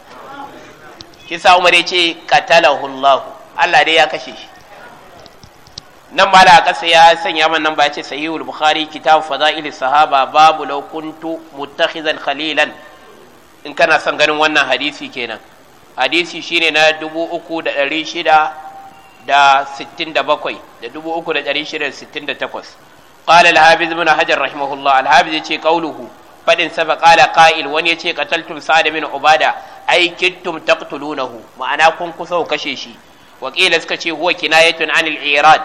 Kisa sa umar ya ce qatalahu allah allah dai ya kashe shi nan ba da kasa ya sanya man nan ba ce sahihul bukhari kitab fadail sahaba babu laukuntu kuntu muttakhizan khalilan in kana son ganin wannan hadisi kenan hadisi shine na uku da da 3668 قال الحافظ ابن حجر رحمه الله الحافظ يقول fadin sa fa qala qa'il wani yace qataltum sa'ad bin ubada ay kittum taqtulunahu ma'ana kun kusa ku kashe shi wa qila suka ce huwa kinayatun anil irad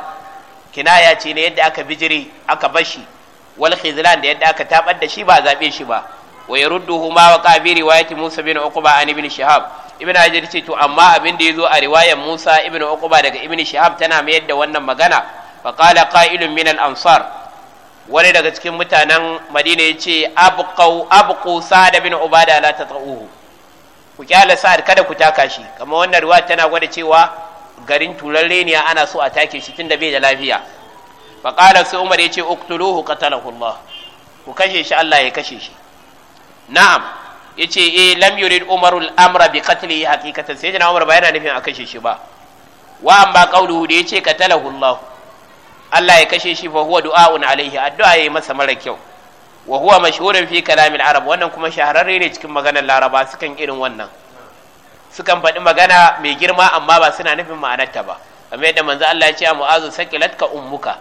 kinaya ce ne yadda aka bijire aka bashi wal khizlan da yadda aka tabar da shi ba zabe shi ba wa yarudduhu ma wa qabi riwayati Musa bin Uqba an ibn Shihab ibn Ajir ce to amma abin da yazo a riwayar Musa ibn Uqba daga ibn Shihab tana mayar da wannan magana fa qala qa'ilun min al-ansar wani daga cikin mutanen madina ya ce abuku sa'ad bin ubada la tata'uhu ku kyala sa'ad kada ku taka shi kama wannan ruwa tana gwada cewa garin turarre ne ana so a take shi tunda bai da lafiya faƙalar sai umar ya ce uktuluhu qatalahu allah ku kashe shi allah ya kashe shi na'am ya ce eh lam yurid umaru al bi qatlihi haqiqatan sai umar ba yana nufin a kashe shi ba wa amma qawluhu da ya ce qatalahu allah Allah ya kashe shi fa huwa du'aun alaihi addu'a yayi masa mara kyau wa huwa mashhurun fi kalamil arab wannan kuma shahararre ne cikin maganar laraba sukan irin wannan sukan faɗi magana mai girma amma ba suna nufin ma'anarta ba kamar yadda manzo Allah ya ce mu'azu sakilatka ummuka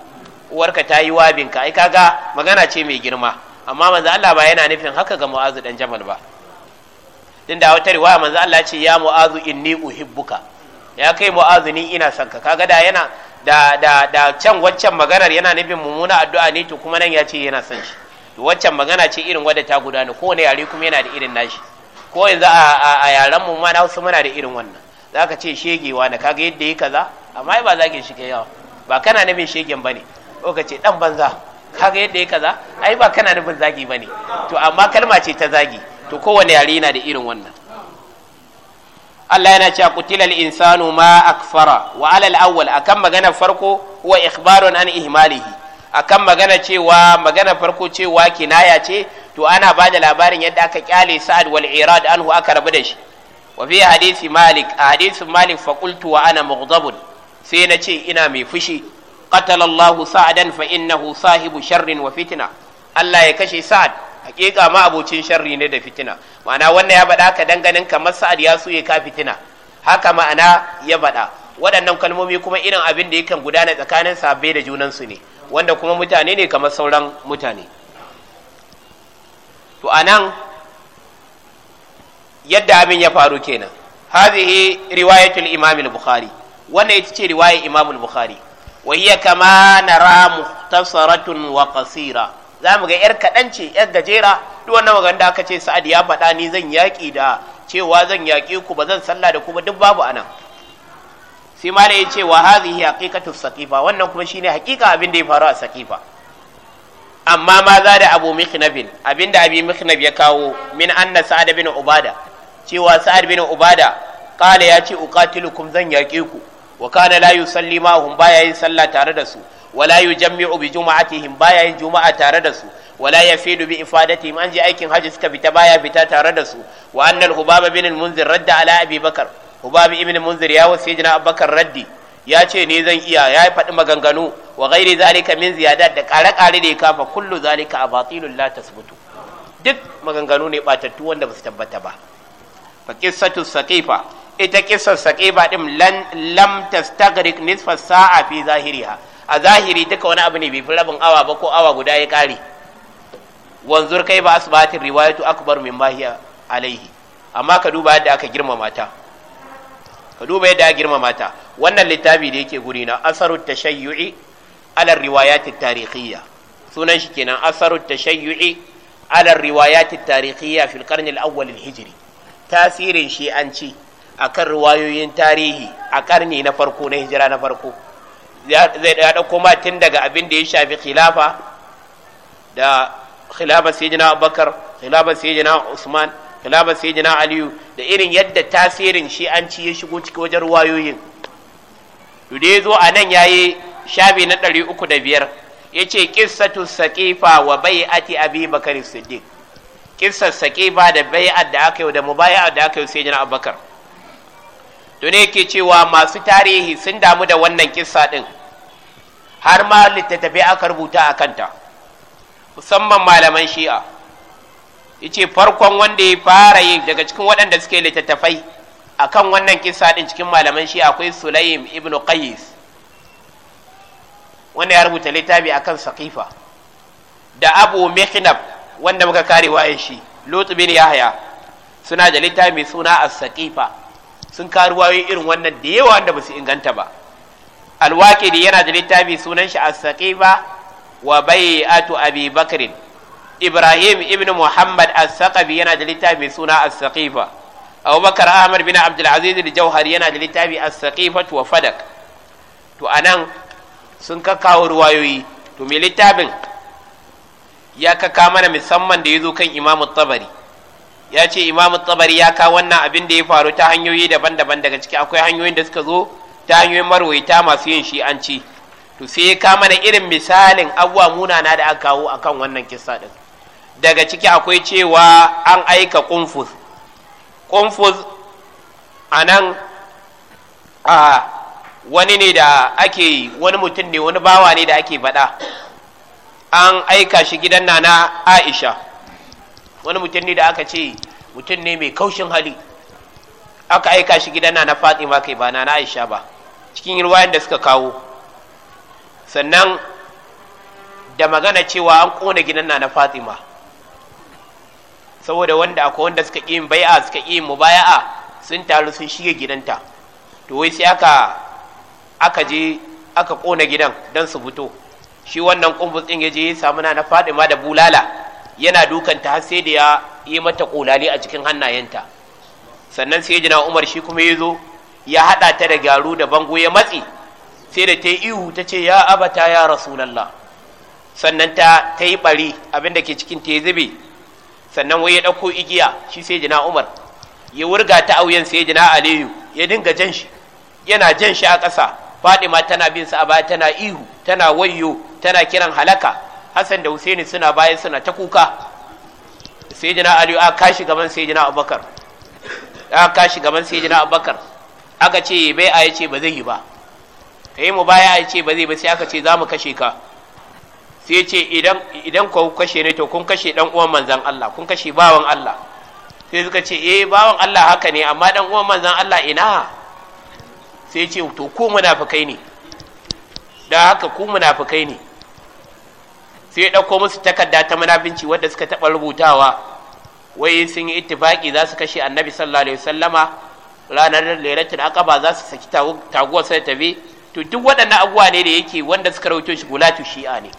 uwarka ta yi wabinka ai kaga magana ce mai girma amma manzo Allah ba yana nufin haka ga mu'azu dan jamal ba din da wata riwaya manzo Allah ya ce ya mu'azu inni uhibbuka ya kai mu'azu ni ina son ka kaga da yana da da da can waccan maganar yana nufin mummuna addu'a ne to kuma nan ya ce yana son shi to waccan magana ce irin wadda ta gudana ko ne yare kuma yana da irin nashi ko yanzu a a yaran mu ma na wasu muna da irin wannan zaka ce shegewa na kaga yadda yi kaza amma ba zagin shi kai yawa ba kana nufin shegen bane ko ka ce dan banza kaga yadda yi kaza ai ba kana nufin zagi bane to amma kalma ce ta zagi to kowane yare yana da irin wannan Allah yana cewa qutilal insanu ma akfara wa alal awwal akan magana farko huwa ikhbarun an ihmalihi akan magana cewa magana farko cewa kinaya ce to ana ba da labarin yadda aka kyale sa'ad wal irad anhu aka rabu da shi wa fi hadisi malik a hadisin malik fa qultu wa ana mughdabun sai na ce ina mai fushi qatala sa'adan fa innahu sahibu sharrin wa fitna Allah ya kashe sa'ad hakika ma abocin sharri ne da fitina ma'ana wannan ya faɗa ka danganin kamar sa'ad ya suye ka fitina haka ma'ana ya faɗa waɗannan kalmomi kuma irin abin da yakan gudana tsakanin sabbai da junansu ne wanda kuma mutane ne kamar sauran mutane to anan yadda abin ya faru kenan hadhihi riwayatul imam al-bukhari wannan ita ce riwayar imam al-bukhari wa hiya kama nara muhtasaratun wa qasira za mu ga 'yar kaɗan ce 'yar gajera duk wannan magana da aka ce sa'ad ya faɗa ni zan yaƙi da cewa zan yaƙi ku ba zan sallah da kuma duk babu anan sai ma da ya ce wa ya haƙiƙatu saƙifa wannan kuma shine haƙiƙa abin da ya faru a saƙifa amma ma za da abu mikhnabin abin da abi mikhnab ya kawo min anna sa'ad bin ubada cewa sa'ad bin ubada qala ya ce uqatilukum zan yaƙi ku wa kana la yusalli ma'ahum baya yin sallah tare da su wala yujammi'u bi juma'atihim baya yin juma'a tare da su wala yafidu bi ifadatihim an je aikin hajji suka fita baya fita tare da su wa annal hubab bin munzir radda ala abi bakar hubab ibn munzir ya wasi jina abubakar raddi ya ce ne zan iya ya faɗi maganganu wa ghairi zalika min ziyadat da kare-kare da ya kafa kullu zalika abatilun la tasbutu duk maganganu ne batattu wanda ba su tabbata ba fa qissatu saqifa ita kisar ba ɗin lam tastagriq nisfa sa'a fi zahiriha a zahiri duka wani abu ne bai fi rabin awa ba ko awa guda ya ƙare. wanzur kai ba asbatin riwayatu akbar min mahiya alaihi amma ka duba yadda aka girmama ta ka duba yadda aka girmama ta wannan littafi da yake guri na asarut tashayyu'i ala riwayatun tarihiyya sunan shi kenan asarut tashayyu'i ala riwayatun tarihiyya fil qarn al awwal al hijri tasirin shi an ci akan riwayoyin tarihi a karni na farko na hijira na farko zai da dauko ma tun daga abin da ya shafi khilafa da khilafa sayyidina Abubakar khilafa sayyidina Usman khilafa sayyidina Aliyu da irin yadda tasirin shi an ci ya shigo cikin wajen riwayoyin to a nan anan yayi shafi na 305 yace qissatu saqifa wa bai'ati abi bakr siddiq qissar saqifa da bai'at da aka yi da mubaya'a da aka yi sayyidina Abubakar to ne yake cewa masu tarihi sun damu da wannan kissa ɗin har ma littattafai aka rubuta a kanta musamman malaman shi'a yace farkon wanda ya fara yi daga cikin waɗanda suke littattafai a kan wannan kissa ɗin cikin malaman shi'a akwai Sulaim ibn Qais wanda ya rubuta littafi a kan Saƙifa. da Abu Mihnab wanda muka kare wayan shi Lutu bin Yahya suna da littafi suna as-saqifa sun karuwaye irin wannan da yawa wanda ba su inganta ba alwaƙi da yana da littafi sunan shi a ba wa bai'atu abi bakrin ibrahim ibn muhammad as Saqafi yana da littafi suna as Saqifa. abubakar ahmad bin abdul aziz al-jauhari yana da littafi as-saqifatu wa fadak to anan sun kakkawo ruwayoyi to me littafin ya kaka mana musamman da ya zo kan imamu tabari ya ce imamu tsabari ya kawo wannan abin da ya faru ta hanyoyi daban-daban daga ciki akwai hanyoyin da suka zo ta hanyoyin marwaita masu yin shi'anci to sai ya kama da irin misalin abuwa munana da aka kawo akan wannan kisa din daga ciki akwai cewa an aika ƙumfus. kumfus a nan a wani ne da ake wani mutum ne wani bawa ne da ake faɗa an aika shi gidan nana aisha wani mutum ne da aka ce mutum ne mai kaushin hali aka aika shi gidana na fatima kai ba na na aisha ba cikin ruwayan da suka kawo sannan da magana cewa an kona gidan na na fatima saboda wanda akwai wanda suka ƙi bai'a suka ƙi mubaya'a sun taru sun shiga gidanta to wai sai aka aka je aka kona gidan don su fito shi wannan kumbus ɗin ya je ya samu na na fatima da bulala yana dukanta har sai da ya yi mata kolali a cikin hannayenta sannan sai jina umar shi kuma ya zo ya haɗa ta da gyaru da bango ya matse sai da ta yi ihu ta ce ya abata ya rasulallah sannan ta ta yi ɓari abinda ke cikin ta ya zube sannan wai ya ɗauko igiya shi sai jina umar ya wurga ta auyen sai jina aliyu ya dinga jan shi yana jan shi a ƙasa fadima tana bin sa a baya tana ihu tana wayyo tana kiran halaka hassan da husaini suna bayan suna ta kuka sai jina aliyu a kashi gaban sai jina abubakar a kashi gaban sai jina abubakar aka ce bai a ce ba zai yi ba ka yi mu baya a ce ba zai ba sai aka ce za mu kashe ka sai ce idan ku kashe ne to kun kashe dan uwan manzan Allah kun kashe bawan Allah sai suka ce eh bawan Allah haka ne amma dan uwan manzan Allah ina sai ce to ku munafikai ne da haka ku munafikai ne sai ya ɗauko musu takarda ta munafinci wadda suka taɓa rubutawa wai sun yi ittifaki za su kashe annabi sallallahu alaihi wasallama ranar lailatul aqaba za su saki taguwar sai tafi? to duk waɗannan abubuwa ne da yake wanda suka rawaito shi gulatu shi'a ne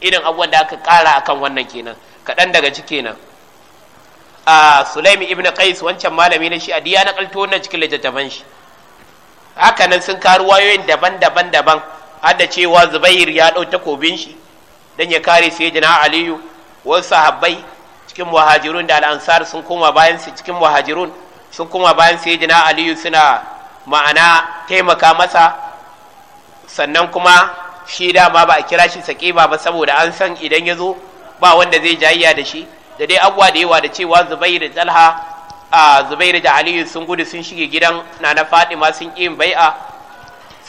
irin abubuwan da aka ƙara akan wannan kenan kaɗan daga ciki kenan a sulaimi ibn qais wancan malami na shi'a diya na kalto wannan cikin littattafan shi haka nan sun karu wayoyin daban-daban daban har da cewa zubair ya ɗau takobin shi dan ya kare sayyidina aliyu wasu sahabbai cikin muhajirun da al'ansar sun koma bayan su cikin muhajirun sun koma bayan sayyidina aliyu suna ma'ana taimaka masa sannan kuma shi dama ba a kira shi saƙiba ba saboda an san idan ya zo ba wanda zai jayayya da shi da dai abuwa da yawa da cewa zubairu talha a zubairu da aliyu sun gudu sun shige gidan na na fatima sun yin bai'a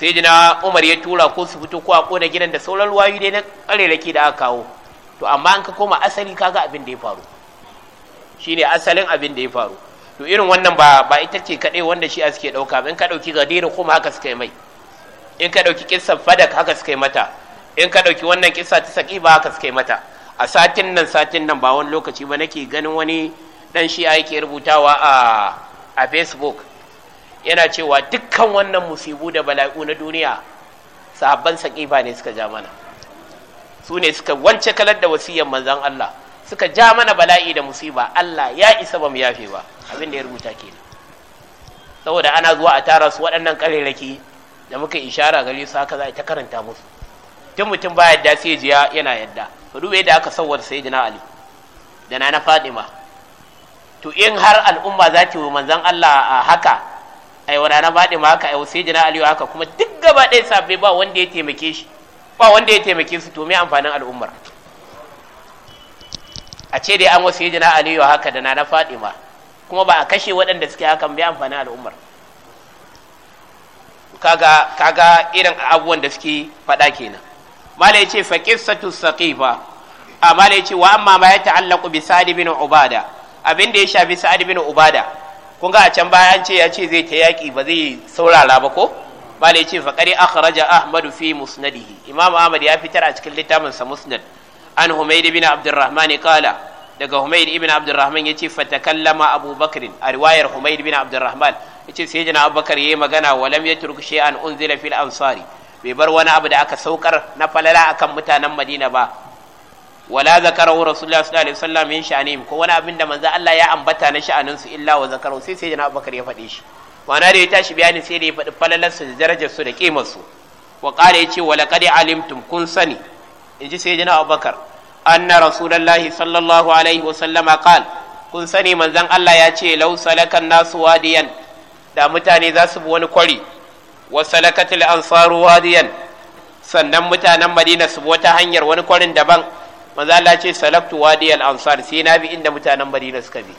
sai jina umar ya tura ko su fito ko a kona gidan da sauran ruwayu dai na karerake da aka kawo to amma an ka koma asali kaga abin da ya faru shine asalin abin da ya faru to irin wannan ba ba ita ce kaɗai wanda shi suke ɗauka in ka ɗauki gadiri kuma haka suka yi mai in ka ɗauki kissa fadak haka suka yi mata in ka ɗauki wannan kissa ta saki ba haka suka yi mata a satin nan satin nan ba wani lokaci ba nake ganin wani dan shi yake rubutawa a a facebook yana cewa dukkan wannan musibu da bala'u na duniya sahabban saƙifa ne suka ja mana su ne suka wance kalar da wasiyan manzan Allah suka ja mana bala'i da musiba Allah ya isa ba mu yafe ba abin da ya rubuta ke saboda ana zuwa a tara su waɗannan ƙarerraki da muka ishara gare su haka za a ta karanta musu tun mutum ba yadda sai jiya yana yadda ka dube da aka sauwar sai jina ali da na na fadima to in har al'umma za ta yi manzan Allah a haka ai wa baɗe ma haka ai sai jina Aliyu haka kuma duk gaba ɗaya safe ba wanda ya taimake shi ba wanda ya taimake su to me amfanin al'ummar a ce dai an wasu jina Aliyu haka da na faɗi ma kuma ba a kashe waɗanda suke haka bai amfanin al'ummar kaga kaga irin abubuwan da suke faɗa kenan mala yace fa qissatu saqifa amma ce wa amma ma ya ta'allaqu bi sa'd bin ubada abin da ya shafi sa'd bin ubada kun ga a can baya an ce ya ce zai ta yaƙi ba zai saurara ba ko bala ya ce faƙari raja ahmadu fi musnadihi imam ahmad ya fitar a cikin littafin sa musnad an humayd ibn abdurrahman kala daga humayd ibn abdurrahman yace fatakallama abubakar a riwayar humaid ibn abdurrahman ce sai jana abubakar ya yi magana walam shi an unzila fil ansari bai bar wani abu da aka saukar na falala akan mutanen madina ba wala zakarahu rasulullahi sallallahu alaihi wasallam min sha'anihim ko wani abin da manzo Allah ya ambata na sha'anin su illa wa zakarahu sai sai jana Abubakar ya faɗe shi Wana da ya tashi bayani sai da ya faɗi falalar su da darajar su da kimar su wa qala yace wa laqad alimtum kun sani inji sai jana Abubakar anna rasulullahi sallallahu alaihi wasallam qala kun sani manzon Allah ya ce law salakan nasu wadiyan da mutane za su bi wani kwari wa salakatil ansaru wadiyan sannan mutanen Madina su bi wata hanyar wani kwarin daban manzo Allah ce salaktu wadi al ansar sai na bi inda mutanen Madina suka bi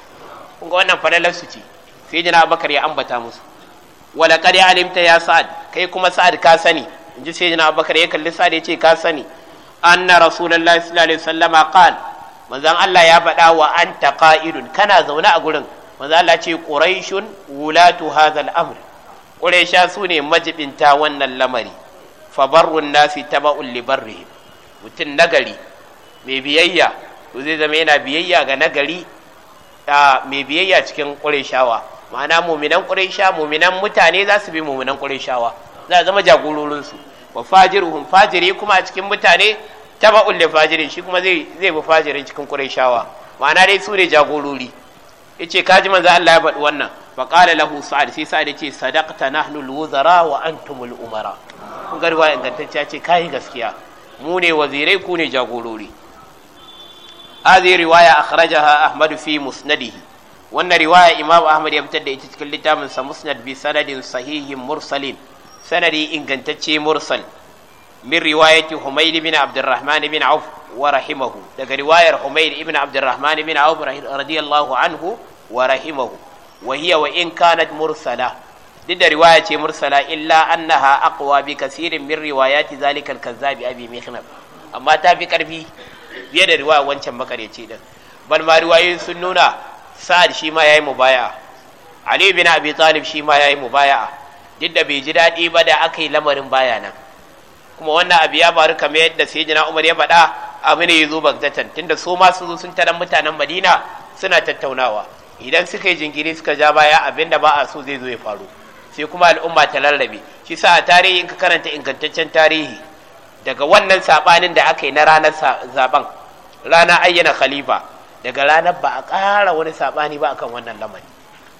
kun ga wannan falalar su ce sai jina Abubakar ya ambata musu wala qad alimta ya sa'ad kai kuma sa'ad ka sani inji sai jina Abubakar ya kalli sa'ad ya ce ka sani anna rasulullahi sallallahu alaihi wasallama qala manzon Allah ya faɗa wa anta qa'idun kana zaune a gurin manzo Allah ce quraishun wulatu hadha amr quraisha sune majibinta wannan lamari fa barrun nasi taba'un li barrihim mutun nagari mai biyayya to zai zama yana biyayya ga nagari a mai biyayya cikin ƙureshawa ma'ana muminan ƙuresha muminan mutane za su bi muminan ƙureshawa za a zama jagororinsu wa fajiruhum fajiri kuma a cikin mutane taba ulle fajirin shi kuma zai zai bi fajirin cikin ƙureshawa ma'ana dai su ne jagorori yace kaji manzo Allah ya faɗi wannan fa qala lahu sa'ad sai sa'ad yace sadaqta nahnu al-wuzara wa antumul umara kun garwa ingantacciya ce kai gaskiya mu ne wazirai ku ne jagorori hadhihi riwaya akhrajaha ahmad fi musnadihi wannan riwaya imam ahmad ya fitar da ita cikin littafin musnad bi sahihin mursalin sanadi ingantacce mursal min riwayati humayd bin abdurrahman bin anhu wa rahimahu wa mursala duk da riwaya ce mursala illa annaha aqwa bi kasirin min riwayati amma ta fi karfi biye da riwaya wancan makareci din bal ma riwayoyin sun nuna sa'ad shi ma yayi mubaya'a ali bin abi talib shi ma yayi mubaya'a duk da bai ji daɗi ba da aka yi lamarin baya nan kuma wannan abu ya faru kamar yadda sayyidina umar ya faɗa abu ne yazo bagdatan tunda su ma su zo sun taran mutanen madina suna tattaunawa idan suka yi jinkiri suka ja baya abinda ba a so zai zo ya faru sai kuma al'umma ta lallabe shi sa a tarihi in ka karanta ingantaccen tarihi daga wannan sabanin da aka yi na ranar zaben rana ayyana khalifa daga ranar ba a ƙara wani sabani ba akan wannan lamari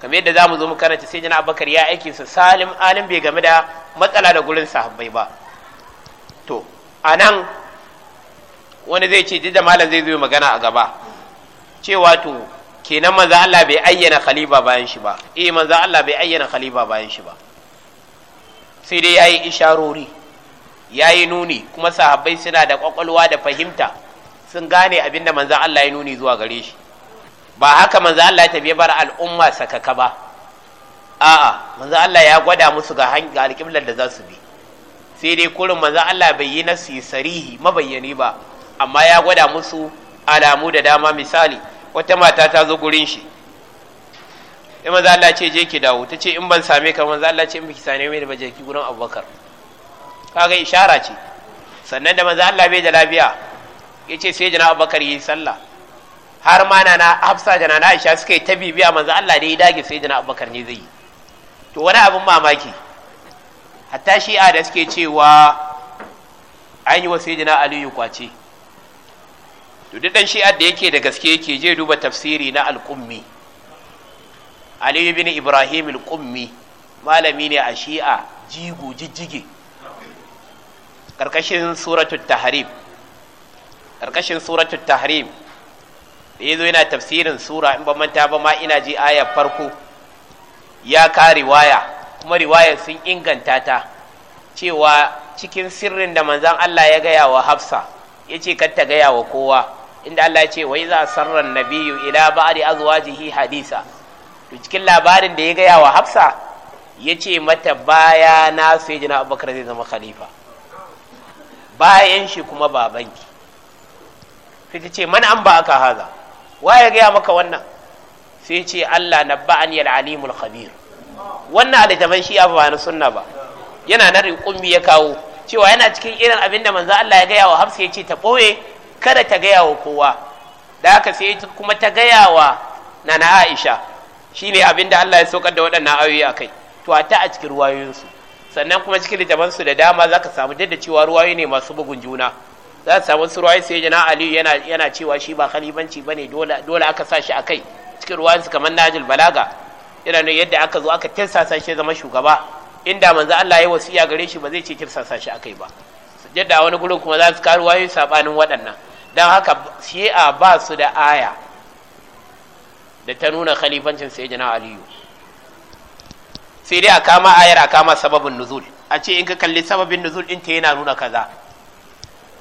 kamar yadda zamu zo mu karanta sai jana abakar ya aiki su salim alim bai game da matsala da gurin sahabbai ba to anan wani zai ce da malam zai zo magana a gaba cewa to kenan manzo Allah bai ayyana khalifa bayan shi ba eh manzo Allah bai ayyana khalifa bayan shi ba sai dai yayi isharori ya yi nuni kuma sahabbai suna da kwakwalwa da fahimta sun gane abinda da manzan Allah ya nuni zuwa gare shi ba haka manzan Allah ya tafi bar al'umma sakaka ba a'a manzan Allah ya gwada musu ga alƙiblar da za su bi sai dai kurin manzan Allah bai yi na sarihi mabayyani ba amma ya gwada musu alamu da dama misali wata mata ta zo gurin shi in manzan Allah ce je ki dawo ta ce in ban same ka manzan Allah ce in biki same mai da baje ki gurin Abubakar kaga ishara ce sannan da manzo Allah bai da lafiya yace sai jana Bakar yi sallah har ma na na Hafsa jana na Aisha suka yi ta bibiya manzo Allah da ya dage sai jana bakar ne zai yi to wani abin mamaki hatta shi'a da suke cewa an yi wa sayyidina Aliyu kwace to duk dan shi'a da yake da gaske yake je duba tafsiri na al-Qummi Aliyu bin Ibrahim al-Qummi malami ne a shi'a jigo jijjige ƙarƙashin suratul tahrim ƙarƙashin suratul tahrim da yazo yana tafsirin sura in ban manta ba ma ina ji ayar farko ya ka riwaya kuma riwaya sun inganta ta cewa cikin sirrin da manzon Allah ya gaya wa Hafsa ya kar ta gaya wa kowa inda Allah ya ce za a sarran nabiyu ila ba'di azwajihi hadisa to cikin labarin da ya gaya wa Hafsa ce mata baya na jina Abubakar zai zama khalifa bayan shi kuma babanki sai ta ce man an ba aka haza wa ya gaya maka wannan sai ce Allah na ba'an yal alimul khabir wannan alitaban shi ya ba na sunna ba yana na riƙummi ya kawo cewa yana cikin irin abin da manzo Allah ya gaya wa Hafsa ya ce ta boye kada ta gaya wa kowa da haka sai kuma ta gaya wa nana Aisha shine abin da Allah ya saukar da waɗannan ayoyi akai to a ta a cikin ruwayoyinsu sannan kuma cikin littafan su da dama zaka samu da cewa ruwaye ne masu bugun juna za ka samu ruwaye sai jana ali yana yana cewa shi ba khalifanci bane dole dole aka sa shi akai cikin ruwayen su kamar najil balaga yana ne yadda aka zo aka tirsasa shi zama shugaba inda manzo Allah ya wasiya gare shi ba zai ce tirsasa shi akai ba yadda wani gurin kuma za su karu wayoyi sabanin waɗannan don haka shi'a ba su da aya da ta nuna khalifancin sai jana aliyu sai dai a kama ayar a kama sababin nuzul a ce in ka kalli sababin nuzul ta yana nuna kaza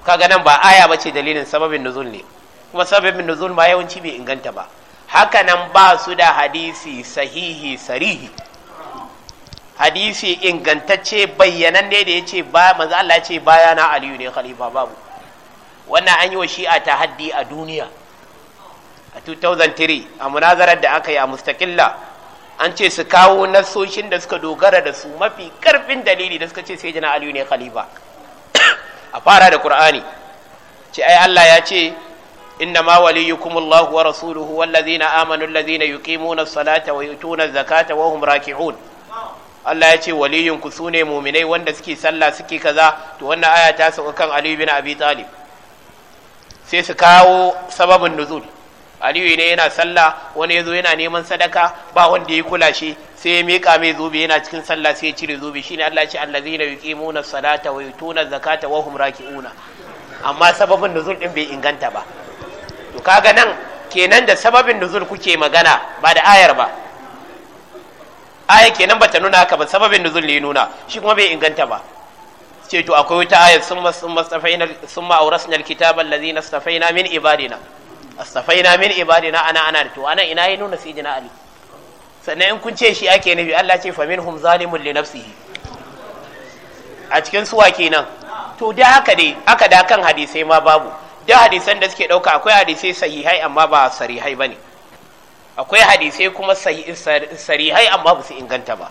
kaga nan ba aya ba ce dalilin sababin nuzul ne kuma sababin nuzul ma yawanci bai inganta ba haka nan ba su da hadisi sahihi sarihi hadisi ingantacce bayyananne da ya ce ba manzo Allah ce baya na aliyu ne khalifa babu wannan an yi wa shi'a ta haddi a duniya a 2003 a munazarar da aka yi a mustaqilla an ce su kawo nassoshin da suka dogara da su mafi karfin dalili da suka ce sai jana aliyu ne khalifa a fara da qur'ani ce ai Allah ya ce inna ma waliyukum Allah wa rasuluhu wallazina amanu allazina yuqimuna as-salata wa yutuna az-zakata wa hum raki'un Allah ya ce ku sune mu'minai wanda suke sallah suke kaza to wannan aya ta sauka kan Ali bin Abi Talib sai su kawo sababin nuzul aliyu ne yana sallah wani yazo yana neman sadaka ba wanda ya kula shi sai ya miƙa mai zubi yana cikin sallah sai ya cire zubi shine Allah ya ce allazina yuqimuna salata wa yutuna zakata wa hum raki'una amma sababin nuzul din bai inganta ba to kaga nan kenan da sababin nuzul kuke magana ba da ayar ba aya kenan bata nuna haka ba sababin nuzul ne nuna shi kuma bai inganta ba ce to akwai wata ayar sun masafaina sun summa awrasna alkitaba allazina stafaina min ibadina astafaina min ibadina ana ana to ana ina yi nuna sayyidina ali sannan in kun ce shi ake nufi Allah ce fa minhum zalimun li nafsihi a cikin suwa kenan to da haka dai aka da kan hadisai ma babu da hadisan da suke dauka akwai hadisai sahihai amma ba sarihai bane akwai hadisai kuma sarihai amma ba su inganta ba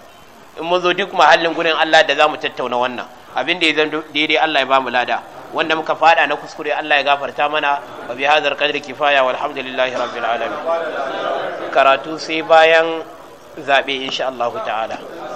in mun zo duk mahallin gurin Allah da zamu mu tattauna wannan abin da ya zan daidai Allah ya ba lada wanda muka fada na kuskure Allah ya gafarta mana wa bi hadar qadri kifaya walhamdulillahi rabbil alamin karatu sai bayan zabe insha Allah ta'ala